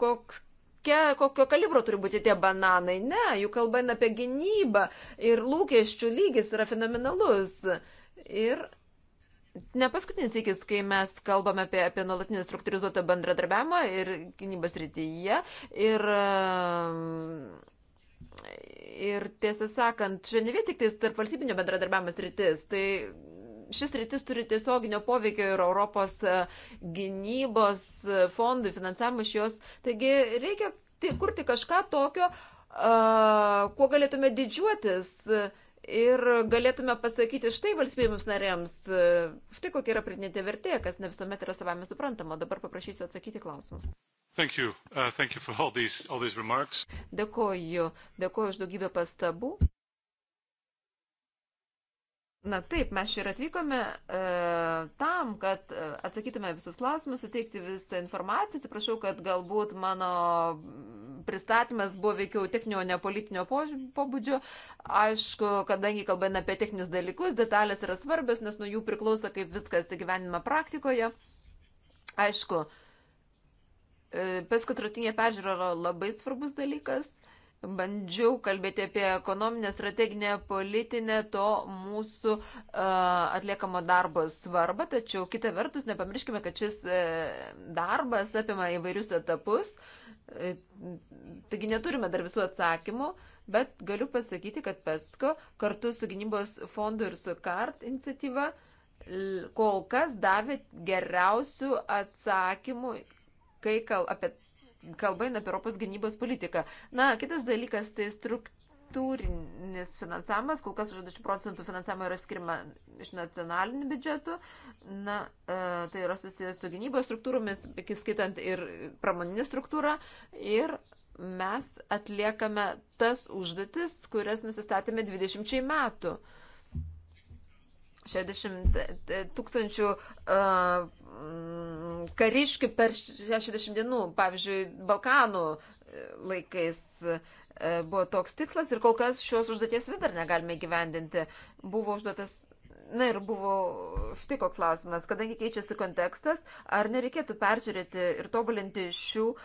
koks, kokia, kokio kalibro turi būti tie bananai. Ne, juk kalba eina apie gynybą ir lūkesčių lygis yra fenomenalus. Ir ne paskutinis įkis, kai mes kalbame apie, apie nuolatinį struktūrizuotą bendradarbiavimą ir gynybos rytyje. Ir, e, ir tiesą sakant, čia ne vien tik tarp valstybinio bendradarbiavimas rytis. Tai šis rytis turi tiesioginio poveikio ir Europos e, gynybos e, fondui, finansavimui iš jos. Taigi reikia kurti kažką tokio, e, kuo galėtume didžiuotis ir galėtume pasakyti štai valstybėms narėms, štai kokia yra pridėtinė vertė, kas ne visuomet yra savame suprantama. Dabar paprašysiu atsakyti klausimus. Thank you. Uh, thank you all these, all these remarks. dėkoju. Dėkoju už daugybę pastabų. Na taip, mes čia ir atvykome e, tam, kad e, atsakytume visus klausimus, suteikti visą informaciją. Atsiprašau, kad galbūt mano pristatymas buvo veikiau techninio, ne politinio pobūdžio. Aišku, kadangi kalbame apie techninius dalykus, detalės yra svarbios, nes nuo jų priklauso, kaip viskas įgyvenime praktikoje. Aišku, e, pesko trutinė peržiūra yra labai svarbus dalykas bandžiau kalbėti apie ekonominę, strateginę, politinę to mūsų uh, atliekamo darbo svarbą, tačiau kita vertus nepamirškime, kad šis uh, darbas apima įvairius etapus, uh, taigi neturime dar visų atsakymų, bet galiu pasakyti, kad PESCO kartu su gynybos fondu ir su KART iniciatyva kol kas davė geriausių atsakymų, kai kal apie kalba eina apie Europos gynybos politiką. Na, kitas dalykas tai struktūrinis finansavimas, kol kas 60 procentų finansavimo yra skirima iš nacionalinių biudžetų, na, e, tai yra susijęs su gynybos struktūromis, skaitant ir pramoninį struktūrą. Ir mes atliekame tas užduotis, kurias nusistatėme 20 metų. Uh, 60 e, tūkstančių uh, kariškių per 60 dienų, pavyzdžiui, Balkanų e, laikais buvo toks tikslas ir kol kas šios užduoties vis dar negalime gyvendinti. Buvo užduotas Na ir buvo štai koks klausimas, kadangi keičiasi kontekstas, ar nereikėtų peržiūrėti ir tobulinti šių uh,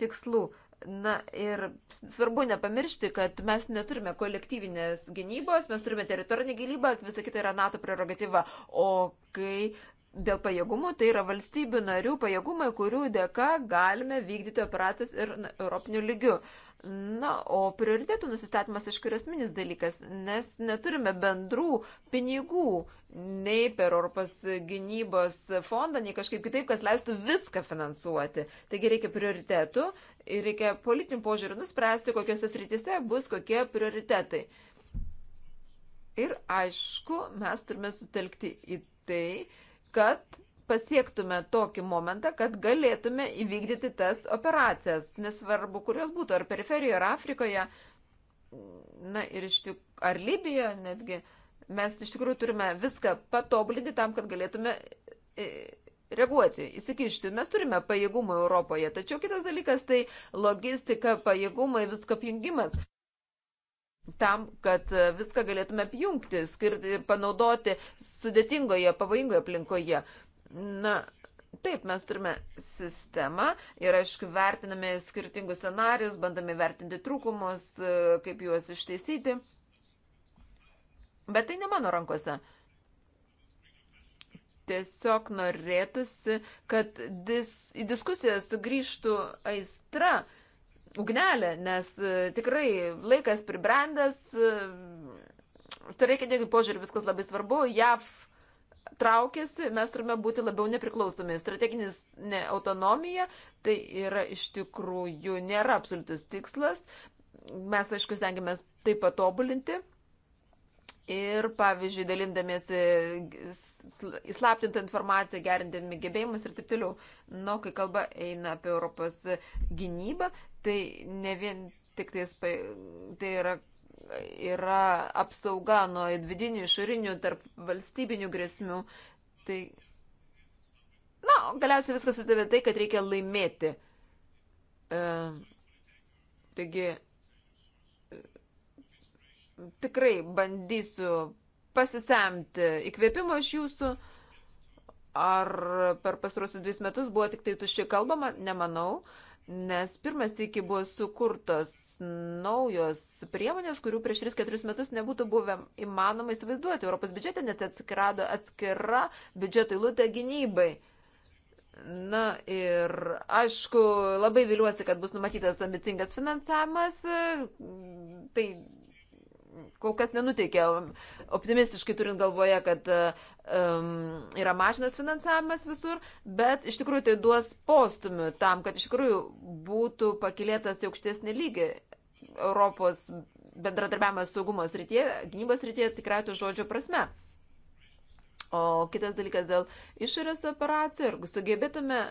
tikslų. Na ir svarbu nepamiršti, kad mes neturime kolektyvinės gynybos, mes turime teritorinį gynybą, visa kita yra NATO prerogatyva. O kai dėl pajėgumų, tai yra valstybių narių pajėgumai, kurių dėka galime vykdyti operacijas ir europinių lygių. Na, o prioritėtų nusistatymas, aišku, yra esminis dalykas, nes neturime bendrų pinigų nei per Europos gynybos fondą, nei kažkaip kitaip, kas leistų viską finansuoti. Taigi reikia prioritėtų Ir reikia politinių požiūrių nuspręsti, kokiuose srityse bus kokie prioritetai. Ir aišku, mes turime sutelkti į tai, kad pasiektume tokį momentą, kad galėtume įvykdyti tas operacijas, nesvarbu, kurios būtų, ar periferijoje, ar Afrikoje, na ir iš tikrųjų, ar Libijoje netgi, mes iš tikrųjų turime viską patobulinti tam, kad galėtume e, reaguoti, įsikišti. Mes turime pajėgumą Europoje, tačiau kitas dalykas tai logistika, pajėgumai, visko jungimas. Tam, kad e, viską galėtume apjungti, skirti ir panaudoti sudėtingoje, pavojingoje aplinkoje. Na, Taip, mes turime sistemą ir, aišku, vertiname skirtingus scenarius, bandome vertinti trūkumus, e, kaip juos išteisyti. Bet tai ne mano rankose. Uh, tiesiog norėtųsi, kad dis, į diskusiją sugrįžtų aistra, ugnelė, nes e, tikrai laikas pribrendęs, turėkite teigiamą tai požiūrį, viskas labai svarbu, JAV traukiasi, mes turime būti labiau nepriklausomi. Strateginis ne, autonomija tai yra iš tikrųjų nėra absoliutus tikslas, mes aišku stengiamės tai patobulinti. Ir, pavyzdžiui, dalindamiesi įslaptintą informaciją, gerindami gebėjimus ir taip toliau. Na, nu, kai kalba eina apie Europos gynybą, tai ne vien tik tais, tai yra, yra apsauga nuo vidinių, išorinių, tarp valstybinių grėsmių. Tai, na, galiausiai viskas susideda tai, kad reikia laimėti. E, taigi, tikrai bandysiu pasisemti įkvėpimo iš jūsų. Ar per pasruosius dvis metus buvo tik tai tuščiai kalbama? Nemanau, nes pirmas iki buvo sukurtos naujos priemonės, kurių prieš 3-4 metus nebūtų buvę įmanoma įsivaizduoti. Europos biudžete net atsirado atskira biudžeto įlūtė gynybai. Na ir aišku, labai viliuosi, kad bus numatytas ambicingas finansavimas. Tai kol kas nenuteikia optimistiškai turint galvoje, kad um, yra mažinas finansavimas visur, bet iš tikrųjų tai duos postumių tam, kad iš tikrųjų būtų pakilėtas į aukštesnį lygį Europos bendradarbiavimas saugumo srityje, gynybos srityje tikrai to žodžio prasme. O kitas dalykas dėl išorės operacijų, jeigu sugebėtume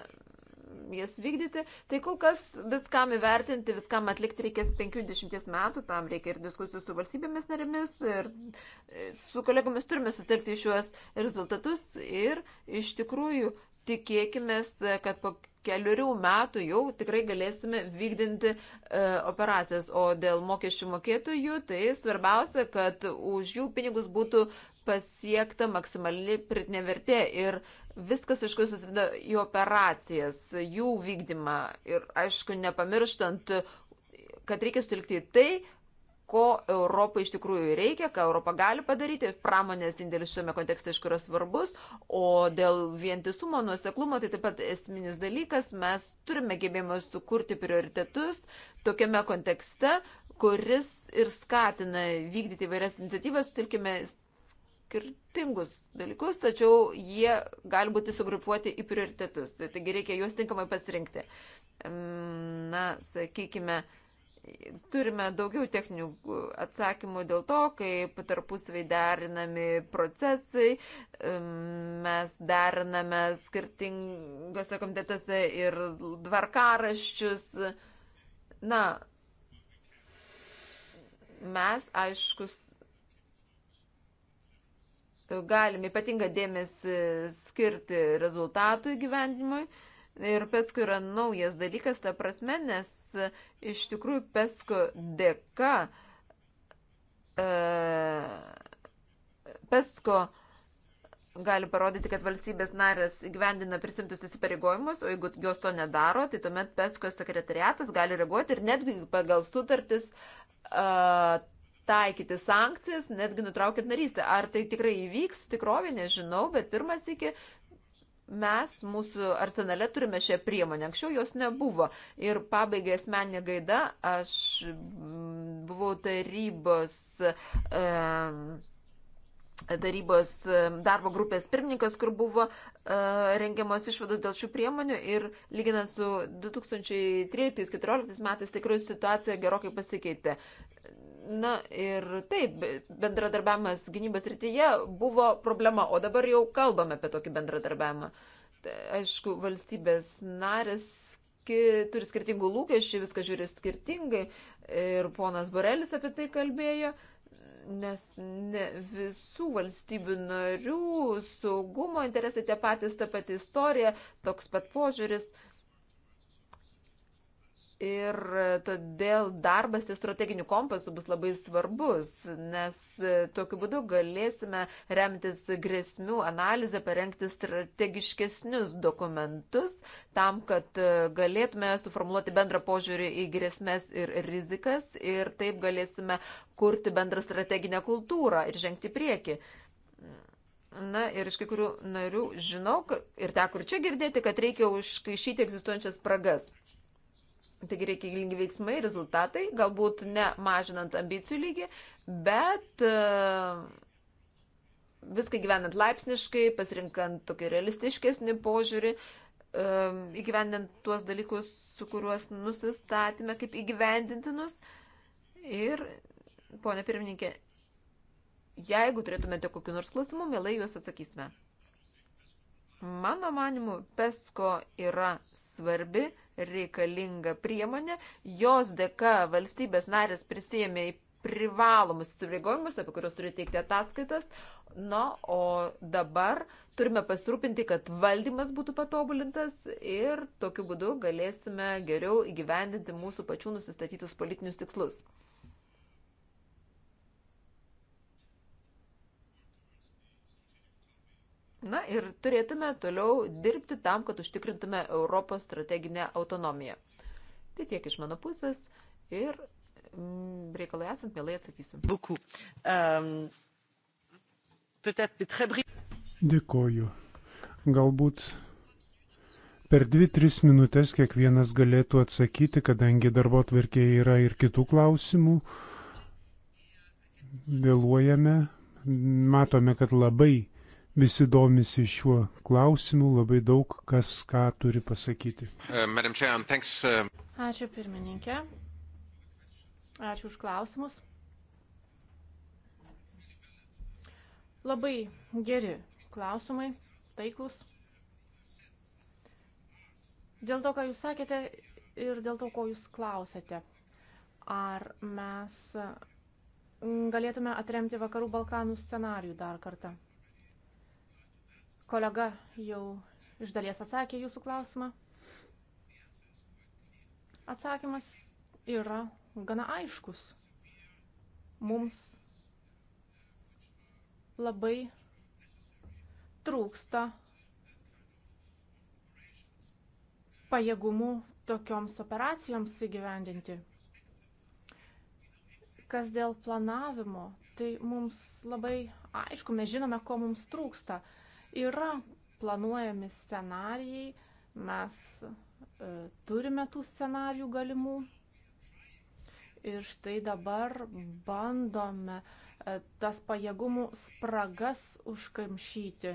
jas vykdyti. Tai kol kas viskam įvertinti, viskam atlikti reikės 50 metų, tam reikia ir diskusijų su valstybėmis narėmis, ir e, su kolegomis turime sustelkti šiuos rezultatus ir iš tikrųjų tikėkime, kad po keliurių metų jau tikrai galėsime vykdinti e, operacijas. O dėl mokesčių mokėtojų, tai svarbiausia, kad už jų pinigus būtų pasiekta maksimali pritinė vertė ir viskas, aišku, susideda į operacijas, jų vykdymą ir, aišku, nepamirštant, kad reikia sutilkti į tai, ko Europai iš tikrųjų reikia, ką Europa gali padaryti, pramonės indėlis šiame kontekste, aišku, yra svarbus, o dėl vientisumo, nuoseklumo, tai taip pat esminis dalykas, mes turime gebėjimą sukurti prioritetus tokiame kontekste, kuris ir skatina vykdyti vairias iniciatyvas, sutilkime skirtingus dalykus, tačiau jie gali būti sugrupuoti į prioritetus. Taigi reikia juos tinkamai pasirinkti. Na, sakykime, turime daugiau techninių atsakymų dėl to, kaip tarpusvai derinami procesai, mes deriname skirtingose komitetuose ir tvarkaraščius. Na, mes, aiškus, Galime ypatingą dėmesį skirti rezultatų įgyvendimui. Ir pesko yra naujas dalykas, ta prasme, nes e, iš tikrųjų pesko dėka, e, pesko gali parodyti, kad valstybės narės gyvendina prisimtus įsipareigojimus, o jeigu jos to nedaro, tai tuomet PESCO sekretariatas gali reaguoti ir netgi pagal sutartis uh, taikyti sankcijas, netgi nutraukit narystę. Ar tai tikrai įvyks, tikrovė nežinau, bet pirmas iki mes mūsų arsenale turime šią priemonę. Anksčiau jos nebuvo. Ir pabaigai asmeninė gaida, aš buvau tarybos. E, darybos e, darbo grupės pirmininkas, kur buvo e, rengiamos išvados dėl šių priemonių ir lyginant su 2013-2014 metais tikrai situacija gerokai pasikeitė. Na ir taip, bendradarbiavimas gynybos rytyje buvo problema, o dabar jau kalbame apie tokį bendradarbiavimą. Tai aišku, valstybės narės turi skirtingų lūkesčių, viską žiūri skirtingai ir ponas Borelis apie tai kalbėjo. Uh, nes ne visų valstybių narių saugumo interesai tie patys, ta pati istorija, toks pat požiūris. Ir todėl darbas ties strateginiu kompasu bus labai svarbus, nes tokiu būdu galėsime remtis grėsmių analizę, parengti strategiškesnius dokumentus, tam, kad galėtume suformuoluoti bendrą požiūrį į grėsmės ir rizikas ir taip galėsime kurti bendrą strateginę kultūrą ir žengti prieki. Na ir iš kai kurių narių žinau ir teko ir čia girdėti, kad reikia užkaišyti egzistuojančias spragas. Taigi reikia gilingi veiksmai, rezultatai, galbūt ne mažinant ambicijų lygį, bet e, viską gyvenant laipsniškai, pasirinkant tokį realistiškesnį požiūrį, e, įgyvendinant tuos dalykus, su kuriuos nusistatėme kaip įgyvendintinus. Ir, ponė pirmininkė, jeigu turėtumėte kokiu nors klausimu, mielai juos atsakysime. Mano manimu, PESCO yra svarbi reikalinga priemonė, jos dėka valstybės narės prisėmė į privalomus įsipareigojimus, apie kuriuos turi teikti ataskaitas. Na, o dabar turime pasirūpinti, kad valdymas būtų patobulintas ir tokiu būdu galėsime geriau įgyvendinti mūsų pačių nusistatytus politinius tikslus. Na ir turėtume toliau dirbti tam, kad užtikrintume Europos strateginę autonomiją. Tai tiek iš mano pusės ir m, mm, reikalai esant, mielai atsakysiu. Euh, Dėkoju. Galbūt per 2-3 minutės kiekvienas galėtų atsakyti, kadangi darbo tvarkėje yra ir kitų klausimų. Vėluojame, matome, kad labai visi domisi šiuo klausimu, labai daug kas ką turi pasakyti. Uh, uh, Ačiū pirmininkė. Ačiū už klausimus. Labai geri klausimai, taiklus. Dėl to, ką jūs sakėte ir dėl to, ko jūs klausėte. Ar mes mm, galėtume atremti Vakarų Balkanų scenarių dar kartą? Kolega jau iš dalies atsakė jūsų klausimą. Atsakymas yra gana aiškus. Mums labai trūksta pajėgumų tokioms operacijoms įgyvendinti. Kas dėl planavimo, tai mums labai aišku, mes žinome, ko mums trūksta. Yra planuojami scenarijai, mes e, turime tų scenarijų galimų. Ir štai dabar bandome e, tas pajėgumų spragas užkamšyti.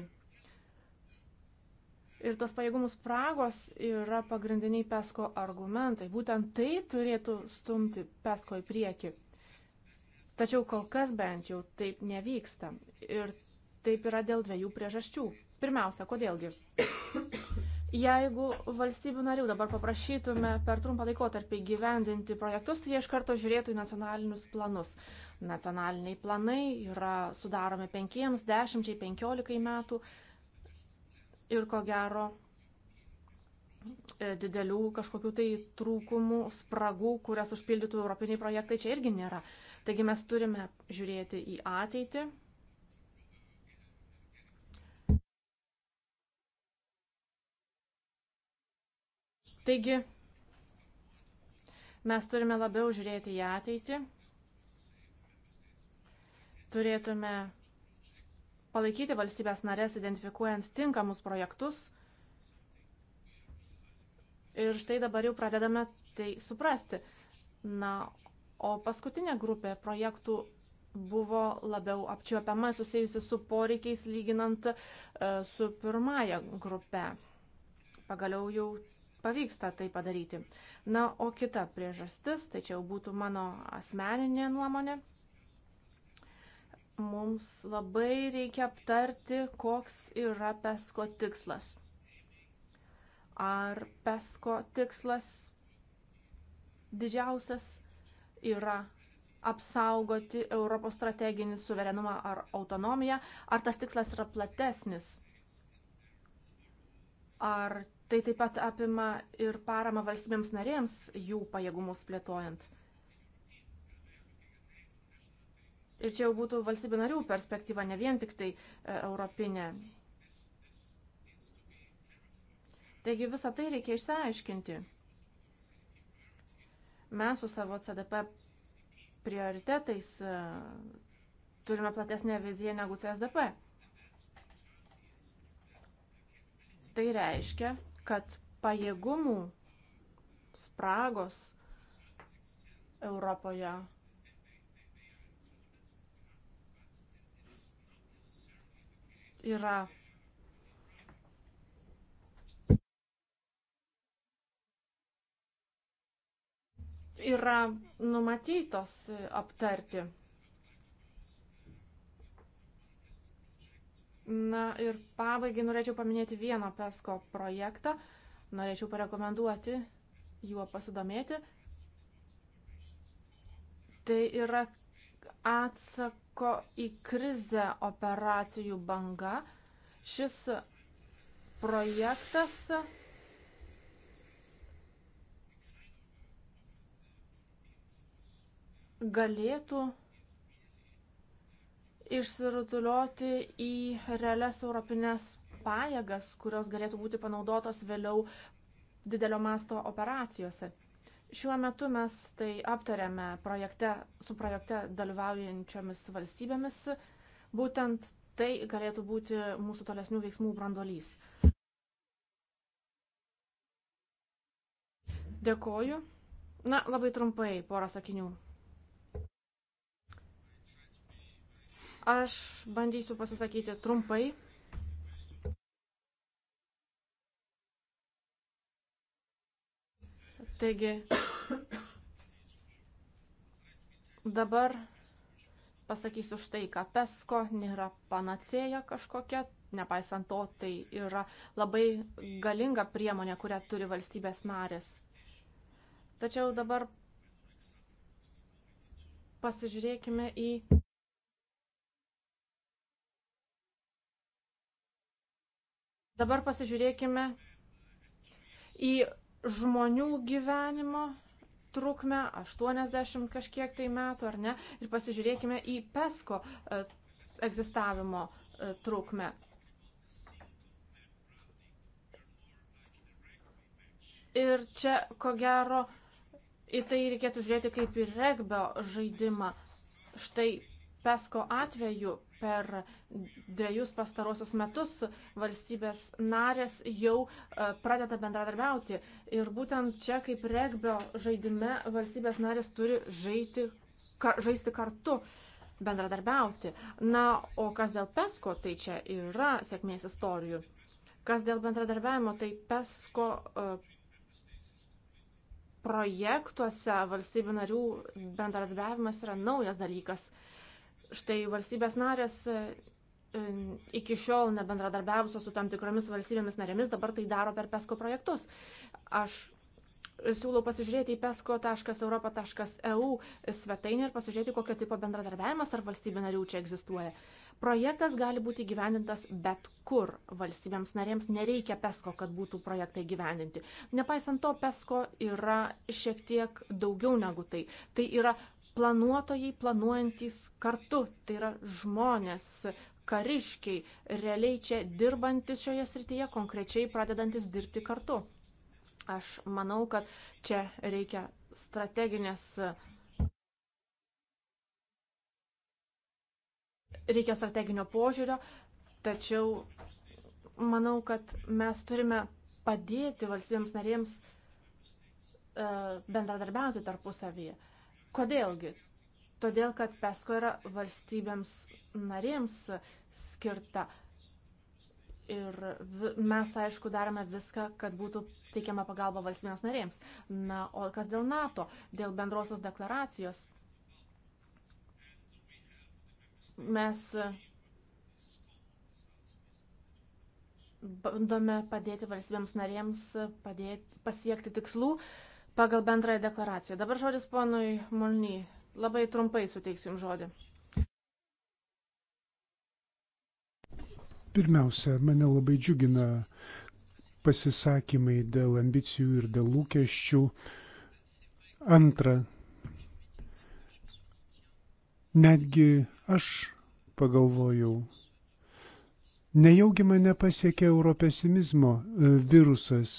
Ir tos pajėgumų spragos yra pagrindiniai pesko argumentai. Būtent tai turėtų stumti pesko į priekį. Tačiau kol kas bent jau taip nevyksta. Ir Taip yra dėl dviejų priežasčių. Pirmiausia, kodėlgi? Jeigu valstybių narių dabar paprašytume per trumpą laikotarpį gyvendinti projektus, tai jie iš karto žiūrėtų į nacionalinius planus. Nacionaliniai planai yra sudaromi 5, 10, 15 metų ir ko gero e, didelių kažkokių tai trūkumų, spragų, kurias užpildytų europiniai projektai, čia irgi nėra. Taigi mes turime žiūrėti į ateitį, Taigi, mes turime labiau žiūrėti į ateitį, turėtume palaikyti valstybės narės, identifikuojant tinkamus projektus. Ir štai dabar jau pradedame tai suprasti. Na, o paskutinė grupė projektų buvo labiau apčiuopiama susijusi su poreikiais lyginant e, su pirmąją grupę. Pagaliau jau nepavyksta tai padaryti. Na, o kita priežastis, tai čia jau būtų mano asmeninė nuomonė, mums labai reikia aptarti, koks yra pesko tikslas. Ar pesko tikslas didžiausias yra apsaugoti Europos strateginį suverenumą ar autonomiją, ar tas tikslas yra platesnis? Ar Tai taip pat apima ir parama valstybėms narėms jų pajėgumus plėtojant. Ir čia jau būtų valstybių narių perspektyva, ne vien tik tai e, europinė. Taigi visą tai reikia išsiaiškinti. Mes su savo CDP prioritetais e, turime platesnę viziją negu CSDP. Tai reiškia, kad pajėgumų spragos Europoje yra yra numatytos aptarti. Na ir pabaigai norėčiau paminėti vieną PESCO projektą. Norėčiau parekomenduoti juo pasidomėti. Tai yra atsako į krizę operacijų banga. Šis projektas galėtų išsirutulioti į realias europinės pajėgas, kurios galėtų būti panaudotos vėliau didelio masto operacijose. Šiuo metu mes tai aptarėme projekte, su projekte dalyvaujančiomis valstybėmis. Būtent tai galėtų būti mūsų tolesnių veiksmų brandolys. Dėkoju. Na, labai trumpai porą sakinių. Aš bandysiu pasisakyti trumpai. Taigi, dabar pasakysiu štai, ką pesko nėra panacėja kažkokia, nepaisant to, tai yra labai galinga priemonė, kurią turi valstybės narės. Tačiau dabar pasižiūrėkime į Dabar pasižiūrėkime į žmonių gyvenimo trukmę, 80 kažkiek tai metų ar ne, ir pasižiūrėkime į PESCO e, egzistavimo e, trukmę. Ir čia, ko gero, į tai reikėtų žiūrėti kaip į regbio žaidimą. Štai Pesko atveju Per dviejus pastarosius metus valstybės narės jau e, pradeda bendradarbiauti. Ir būtent čia, kaip regbio žaidime, valstybės narės turi žaiti, ka, žaisti kartu bendradarbiauti. Na, o kas dėl PESCO, tai čia yra sėkmės istorijų. Kas dėl bendradarbiavimo, tai PESCO e, projektuose valstybių narių bendradarbiavimas yra naujas dalykas. Štai valstybės narės e, e, iki šiol nebendradarbiavusios su tam tikromis valstybėmis narėmis dabar tai daro per PESCO projektus. Aš siūlau pasižiūrėti į pesco.europa.eu svetainę ir pasižiūrėti, kokio tipo bendradarbiavimas tarp valstybių narių čia egzistuoja. Projektas gali būti gyvendintas bet kur. Valstybėms narėms nereikia pesko, kad būtų projektai gyvendinti. Nepaisant to, pesko yra šiek tiek daugiau negu tai. Tai yra planuotojai planuojantis kartu, tai yra žmonės, kariškiai, realiai čia dirbantis šioje srityje, konkrečiai pradedantis dirbti kartu. Aš manau, kad čia reikia strateginės. Reikia strateginio požiūrio, tačiau manau, kad mes turime padėti valstybėms narėms e, bendradarbiauti tarpusavyje. Kodėlgi? Todėl, kad PESCO yra valstybėms narėms skirta. Ir mes, aišku, darome viską, kad būtų teikiama pagalba valstybėms narėms. Na, o kas dėl NATO, dėl bendrosios deklaracijos? Mes bandome padėti valstybėms narėms padėti, pasiekti tikslų, uh, pagal bendrąją deklaraciją. Dabar žodis ponui Molny. Labai trumpai suteiksiu jums žodį. Pirmiausia, mane labai džiugina pasisakymai dėl ambicijų ir dėl lūkesčių. Antra, netgi aš pagalvojau, nejaugi mane pasiekė europesimizmo e, virusas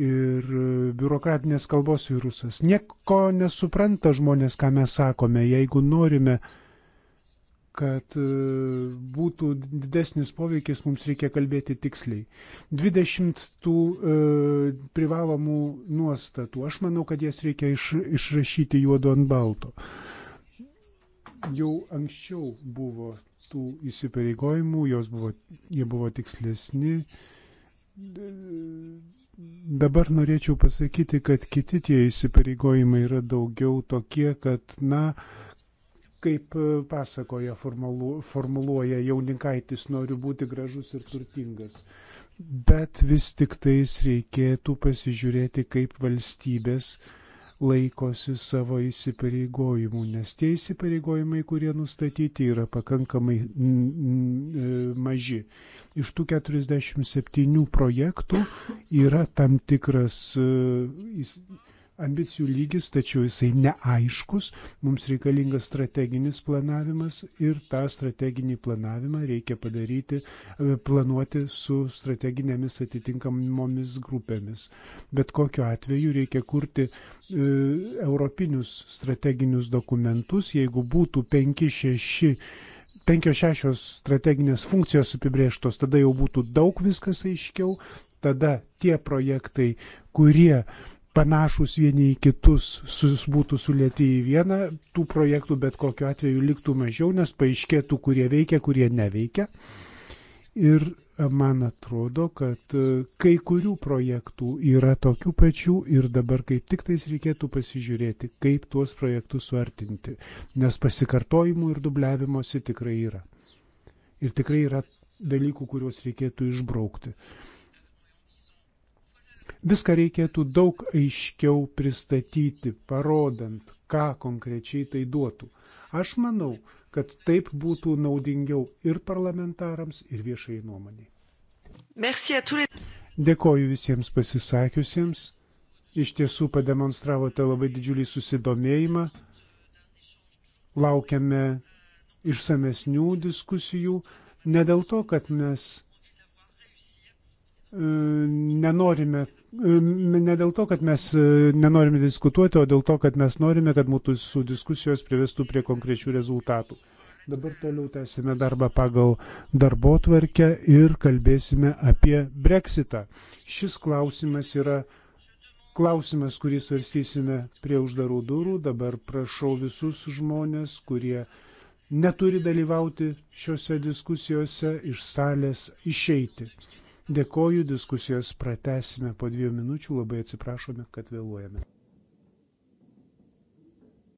ir e, biurokratinės kalbos virusas. Nieko nesupranta žmonės, ką mes sakome. Jeigu norime, kad e, būtų didesnis poveikis, mums reikia kalbėti tiksliai. 20 tų e, privalomų nuostatų. Aš manau, kad jas reikia iš, išrašyti juodu ant balto. Jau anksčiau buvo tų įsipareigojimų, buvo, jie buvo tikslesni. E, Dabar norėčiau pasakyti, kad kiti tie įsipareigojimai yra daugiau tokie, kad, na, kaip e, pasakoja, formulu, formuluoja jaunikaitis, noriu būti gražus ir turtingas. Bet vis tik tais reikėtų pasižiūrėti, kaip valstybės uh, laikosi savo įsipareigojimų, nes tie įsipareigojimai, kurie nustatyti, yra pakankamai e, maži. Iš tų 47 projektų yra tam tikras e, įsipareigojimas ambicijų lygis, tačiau jisai neaiškus, mums reikalingas strateginis planavimas ir tą strateginį planavimą reikia padaryti, e, planuoti su strateginėmis atitinkamomis grupėmis. Bet kokiu atveju reikia kurti e, europinius strateginius dokumentus, jeigu būtų 5-6 penkios šešios strateginės funkcijos apibrieštos, tada jau būtų daug viskas aiškiau, tada tie projektai, kurie panašus vieni į kitus, sus, būtų sulėti į vieną, tų projektų bet kokiu atveju liktų mažiau, nes paaiškėtų, kurie veikia, kurie neveikia. Ir e, man atrodo, kad e, kai kurių projektų yra tokių pačių ir dabar kaip tik tais reikėtų pasižiūrėti, kaip tuos projektus suartinti, nes pasikartojimų ir dubliavimosi tikrai yra. Ir tikrai yra dalykų, kuriuos reikėtų išbraukti. Viską reikėtų daug aiškiau pristatyti, parodant, ką konkrečiai tai duotų. Aš manau, kad taip būtų naudingiau ir parlamentarams, ir viešai nuomoniai. Dėkoju visiems pasisakiusiems. Iš tiesų pademonstravote labai didžiulį susidomėjimą. Laukiame išsamesnių diskusijų. Ne dėl to, kad mes e, nenorime Ne dėl to, kad mes e, nenorime diskutuoti, o dėl to, kad mes norime, kad mūsų diskusijos privestų prie konkrečių rezultatų. Dabar toliau tęsime darbą pagal darbo tvarkę ir kalbėsime apie breksitą. Šis klausimas yra klausimas, kurį svarstysime prie uždarų durų. Dabar prašau visus žmonės, kurie neturi dalyvauti šiuose diskusijose, iš salės išeiti. Dėkoju, diskusijas pratesime po dviejų minučių, labai atsiprašome, kad vėluojame.